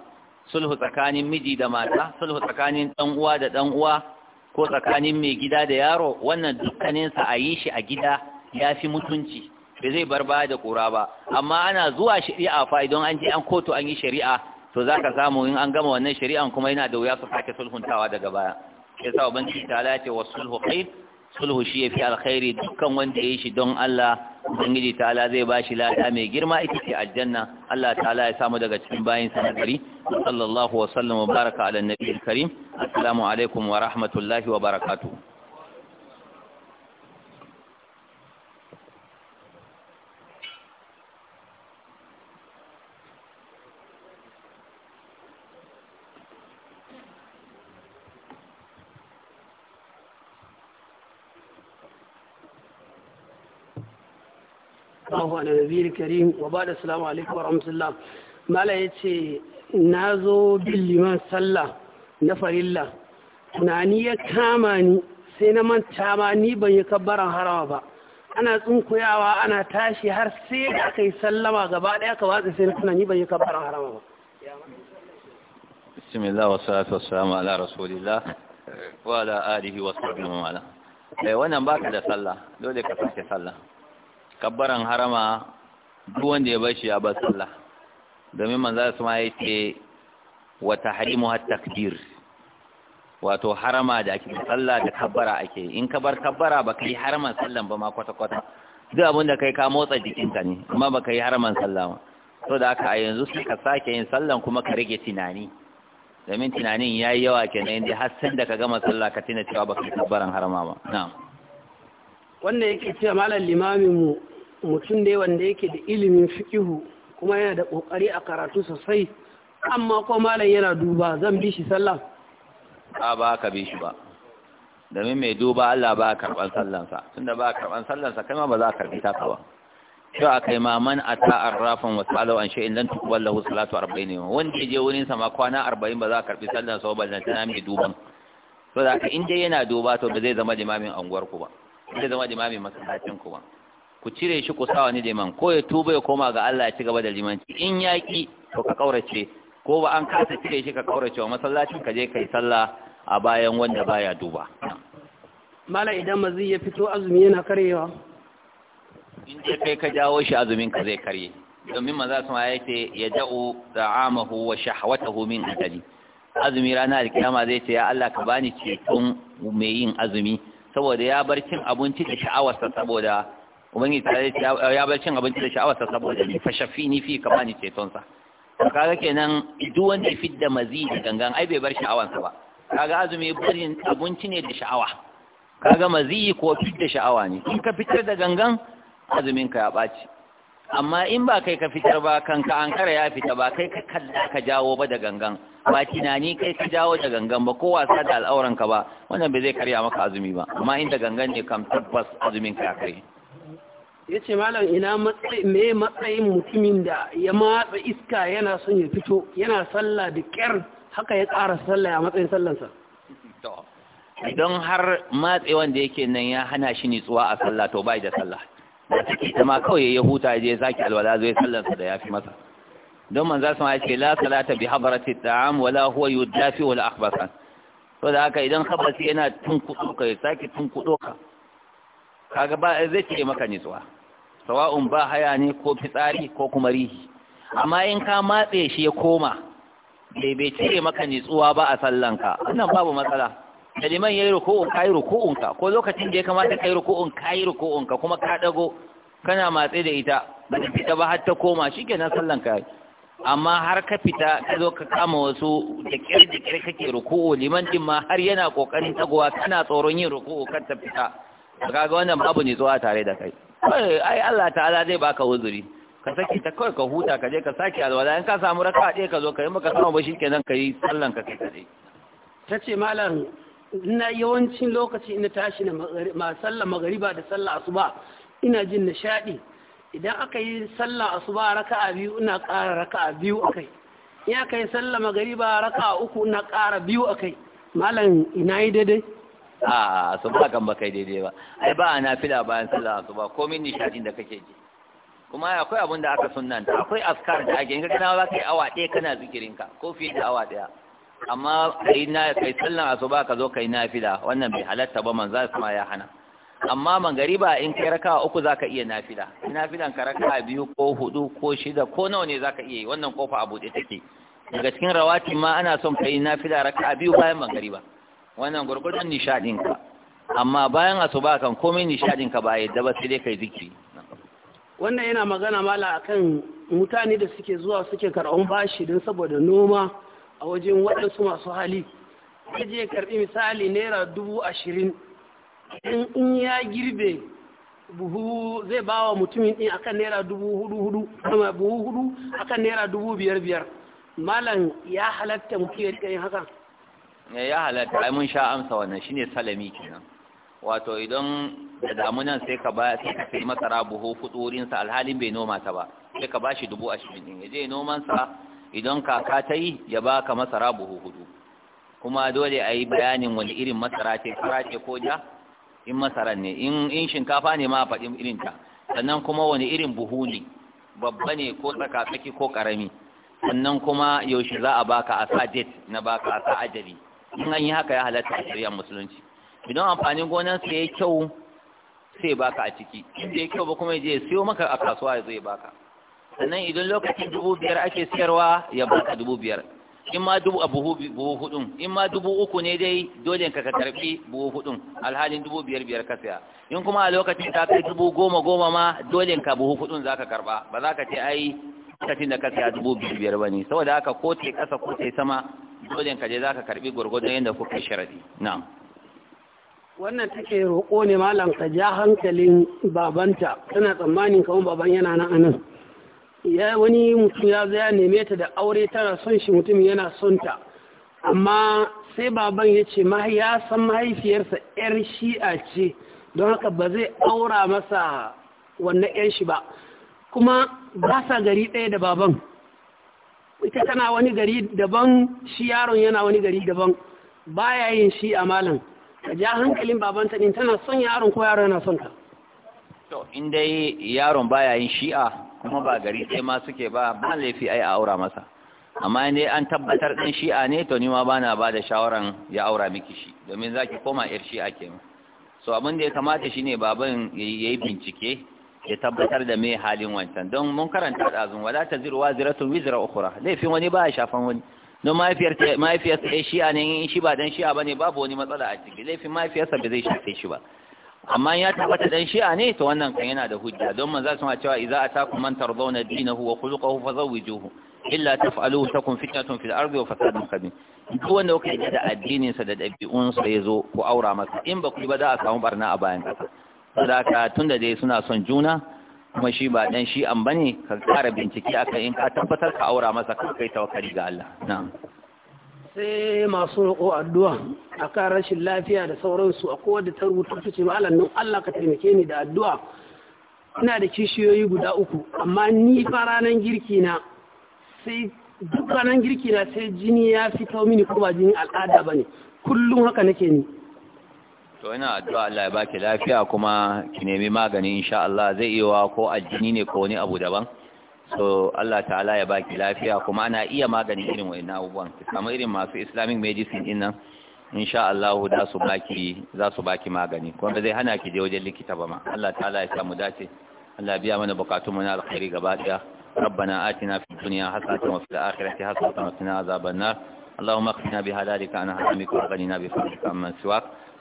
sulhu tsakanin miji da mata sulhu tsakanin ɗan uwa da ɗan uwa ko tsakanin mai gida da yaro wannan dukkaninsa a yi shi a gida ya fi mutunci ba zai bar baya da kura ba amma ana zuwa shari'a fa idan an je an kotu an yi shari'a to za ka samu in an gama wannan shari'an kuma yana da wuya su sake sulhuntawa daga baya ya sa ubangiji ta ce wa sulhu khair sulhu shi yafi alkhairi dukkan wanda ya yi shi don Allah ubangiji ta'ala zai bashi lada mai girma ita ce aljanna Allah ta'ala ya samu daga cikin bayan sa nagari sallallahu wasallam wa baraka ala nabiyil karim assalamu alaikum wa rahmatullahi wa barakatuh sallallahu ala nabiyil karim wa ba da salamu alaikum wa rahmatullah mala yace na zo bin liman sallah na farilla ni ya kama ni sai na manta ma ni ban yi kabbaran harawa ba ana tsunkuyawa ana tashi har sai da aka yi sallama gaba daya ka watsa sai na ni ban yi kabbaran harawa ba bismillah wa salatu wassalamu ala rasulillah wa ala alihi wa sahbihi wa ala eh wannan baka da sallah dole ka sake sallah kabbaran harama duk wanda ya bashi ya bar sallah domin manzo su ma ce wata tahrimu hat takbir wato harama da ake sallah da kabbara ake in ka bar kabbara ba yi haraman sallan ba ma kwata kwata duk abin da kai ka motsa jikinka ne amma ba yi haraman sallah ba to da haka a yanzu sai ka sake yin sallan kuma ka rage tunani domin tunanin ya yi yawa kenan inda har san da ka gama sallah ka tuna cewa ba yi kabbaran harama ba na'am wannan yake cewa malam limamin mu mutum dai wanda yake da ilimin fikihu kuma yana da ƙoƙari a karatu sosai amma ko malam yana duba zan bi shi sallah a ba ka bi shi ba domin mai duba Allah ba karɓar sallansa tunda ba a karɓar sallansa kai ma ba za a karɓi taka ba shi a kai maman a ta'ar rafin wasu alawa an shi'in lan tukubar lahu salatu arba'in ne wanda ya je wurin sama kwana arba'in ba za a karɓi sallansa ba ballan tana mai duban so da in dai yana duba to ba zai zama jimamin anguwar ku ba zai zama jimamin masallacin ku ba ku cire shi ku sawa ni iman ko ya tuba ya koma ga Allah ya ci gaba da limanci in yaki to ka kaurace ko ba an kasa cire shi ka kaurace wa masallacin ka je kai sallah a bayan wanda baya duba mala idan mazi ya fito azumi yana karyewa in dai kai ka jawo shi azumin ka zai karye domin maza sun ya ce ya da'u da'amahu wa shahwatahu min ajali azumi rana alkiyama zai ce ya Allah ka bani ceton mai yin azumi saboda ya bar cin abinci da sha'awarsa saboda ubangi ta ya bar cin abinci da sha'awarsa saboda ni fashafi ni fi kama ni cetonsa kaga kenan duk wanda ya fidda mazi da gangan ai bai bar sa ba kaga azumi barin abinci ne da sha'awa kaga mazi ko fidda sha'awa ne in ka fitar da gangan azumin ka ya ɓaci amma in ba kai ka fitar ba kanka an kara ya fita ba kai ka kalla ka jawo ba da gangan ba tunani kai ka jawo da gangan ba ko wasa da al'auranka ba wannan bai zai karya maka azumi ba amma inda gangan ne kam tabbas azumin ka ya karye ya ce malam ina mai matsayin mutumin da ya matsa iska yana son ya fito yana sallah da ƙyar haka ya ƙara salla ya matsayin sallansa idan har matse wanda yake nan ya hana shi nitsuwa a sallah to bai da sallah da take ma kawai ya huta je zaki alwala zai sallansa da ya fi masa don manzo sun ce la salata bi hadrati ta'am wala huwa yudafi wal akhbasa to da haka idan khabasi yana tunkudo ka saki tunkudo ka kaga ba zai ce maka nitsuwa sawa'un ba haya ne ko fitsari ko kuma rihi amma in ka matse shi ya koma bai bai cire maka nitsuwa ba a sallanka wannan babu matsala da liman yayi ruku'un kai ka, ko lokacin da ya kamata kai ruku'un kai ka, kuma ka dago kana matse da ita ba ta fita ba har ta koma shikenan sallanka yayi amma har ka fita ka zo ka kama wasu da kyar da kake ruku'u liman din ma har yana kokarin tagowa kana tsoron yin ruku'u kar ta fita kaga wannan babu nitsuwa tare da kai ai Allah ta'ala zai baka uzuri ka saki ta kawai ka huta ka je ka saki alwala in ka samu raka ɗaya ka zo ka yi maka sama ba shikenan ka yi sallan ka kai Ta tace malam ina yawancin lokaci ina tashi na ma sallar magariba da sallar asuba ina jin nishadi idan aka yi sallar asuba raka'a biyu ina ƙara raka'a biyu akai in aka yi sallar magariba raka'a uku ina ƙara biyu akai malam ina yi daidai a ba kan kai daidai ba ai ba a fila bayan sallar asuba komai nishadin da kake ji kuma akwai abin da aka sunanta akwai askar da ake ka kana za ka yi awa ɗaya kana ka, ko fiye da awa ɗaya amma kai na kai sallan asuba ka zo kai nafila wannan bai halatta ba manzo kuma ya hana amma mangariba in kai raka uku zaka iya nafila nafilan ka raka biyu ko hudu ko shida ko nawa ne zaka iya yi wannan kofa a da take daga cikin rawati ma ana son kai nafila raka biyu bayan mangariba wannan gurgurdan nishadin ka amma bayan asuba kan komai nishadin ka ba yadda ba sai dai kai zikiri wannan yana magana mala akan mutane da suke zuwa suke karɓan bashi don saboda noma a wajen waɗansu masu hali zai je karɓi misali naira dubu ashirin in ya girbe buhu zai ba wa mutumin ɗin akan naira dubu hudu hudu buhu hudu akan naira dubu biyar biyar malam ya halatta mutum ya rika yin haka ne eh, ya halatta ai mun sha amsa wannan shine salami kenan wato idan da damunan sai ka ba sai ka sai masara buhu fudurin sa alhalin bai noma ta ba sai ka bashi dubu ashirin din yaje noman sa idan kaka ta yi ya baka masara buhu hudu kuma dole a yi bayanin wani irin masara ce fara ce ko ja in masaran ne in shinkafa ne ma a faɗin ta. sannan kuma wani irin buhu ne babba ne ko tsaka tsaki ko ƙarami sannan kuma yaushe za a baka a sa na baka a sa ajali in an yi haka ya halatta a shirya musulunci idan amfanin gonan sai yayi kyau sai baka a ciki inda ya kyau ba kuma je siyo maka a kasuwa ya zai baka sannan idan lokacin dubu biyar ake siyarwa ya baka dubu biyar in ma dubu a buhu hudun in ma dubu uku ne dai dole ka karfi buhu hudun alhalin dubu biyar biyar ka saya in kuma a lokacin ta kai dubu goma goma ma dole ka buhu hudun za ka karba ba za ka ce ai tafi da kasa dubu biyu biyar ba saboda haka ko te kasa ko te sama dole ka je za ka karbi gwargwadon yadda kuka sharadi na'am wannan take roƙo ne malam ka ja hankalin babanta tana tsammanin kawun baban yana nan anan ya wani mutum ya zo ya neme ta da aure tana son shi mutum yana son ta amma sai baban ya ce ya san mahaifiyarsa yar shi'a ce don haka ba zai aura masa wannan yan shi ba kuma ba sa gari ɗaya da baban ita tana wani gari daban shi yaron yana wani gari daban baya yin shi a malam ka ja hankalin babanta ɗin tana son yaron ko yaron yana son ka to in dai yaron ba ya yin shi'a kuma ba gari ɗaya ma suke ba ba laifi ai a aura masa amma ne an tabbatar ɗin shi'a ne to ni ma bana ba da shawaran ya aura miki shi domin zaki koma yar shi'a kenan so abin da ya kamata shine baban yayi bincike ya tabbatar da me halin wancan don mun karanta azun wala taziru waziratun wizra ukhra laifin wani ba shafan wani don mahaifiyarsa mahaifiyarsa shi a ne in shi ba dan shi'a bane babu wani matsala a ciki laifin mahaifiyarsa ba zai shafe shi ba amma ya tabbata dan a ne to wannan kan yana da hujja don man su ma cewa idza atakum man tardawna dinahu wa khuluquhu fazawwijuhu illa taf'aluhu takun fitnatun fil ardi wa fasadun kabi duk wanda kuka yi da addinin sa da dabi'un sa yazo ku aura masa in ba ku ba za a samu barna a bayan kasa sadaka tun da dai suna son juna kuma shi ba dan shi an bane ka kara bincike aka in ka tabbatar ka aura masa ka kai tawakkali ga Allah na'am sai masu roƙo addu'a akan rashin lafiya da sauransu a kowa da ta rubuta ta ce nan Allah ka taimake ni da addu'a ina da kishiyoyi guda uku amma ni fa ranar girki na sai duk ranar girki na sai jini ya fito mini ko ba jini al'ada bane kullum haka nake ni to ina addu'a Allah ya baki lafiya kuma ki nemi magani insha Allah zai iya wa ko aljini ne ko wani abu daban so Allah ta'ala ya baki lafiya kuma ana iya magani irin na abubuwan kamar irin masu Islamic medicine din nan insha Allah da su baki za su baki magani kuma zai hana ki je wajen likita ba ma Allah ta'ala ya samu dace Allah biya mana bukatun mu na alkhairi gaba daya ربنا آتنا في الدنيا حسنة وفي الآخرة حسنة وقنا عذاب النار اللهم لنا بهلالك عن حرامك وغننا بفضلك عمن سواك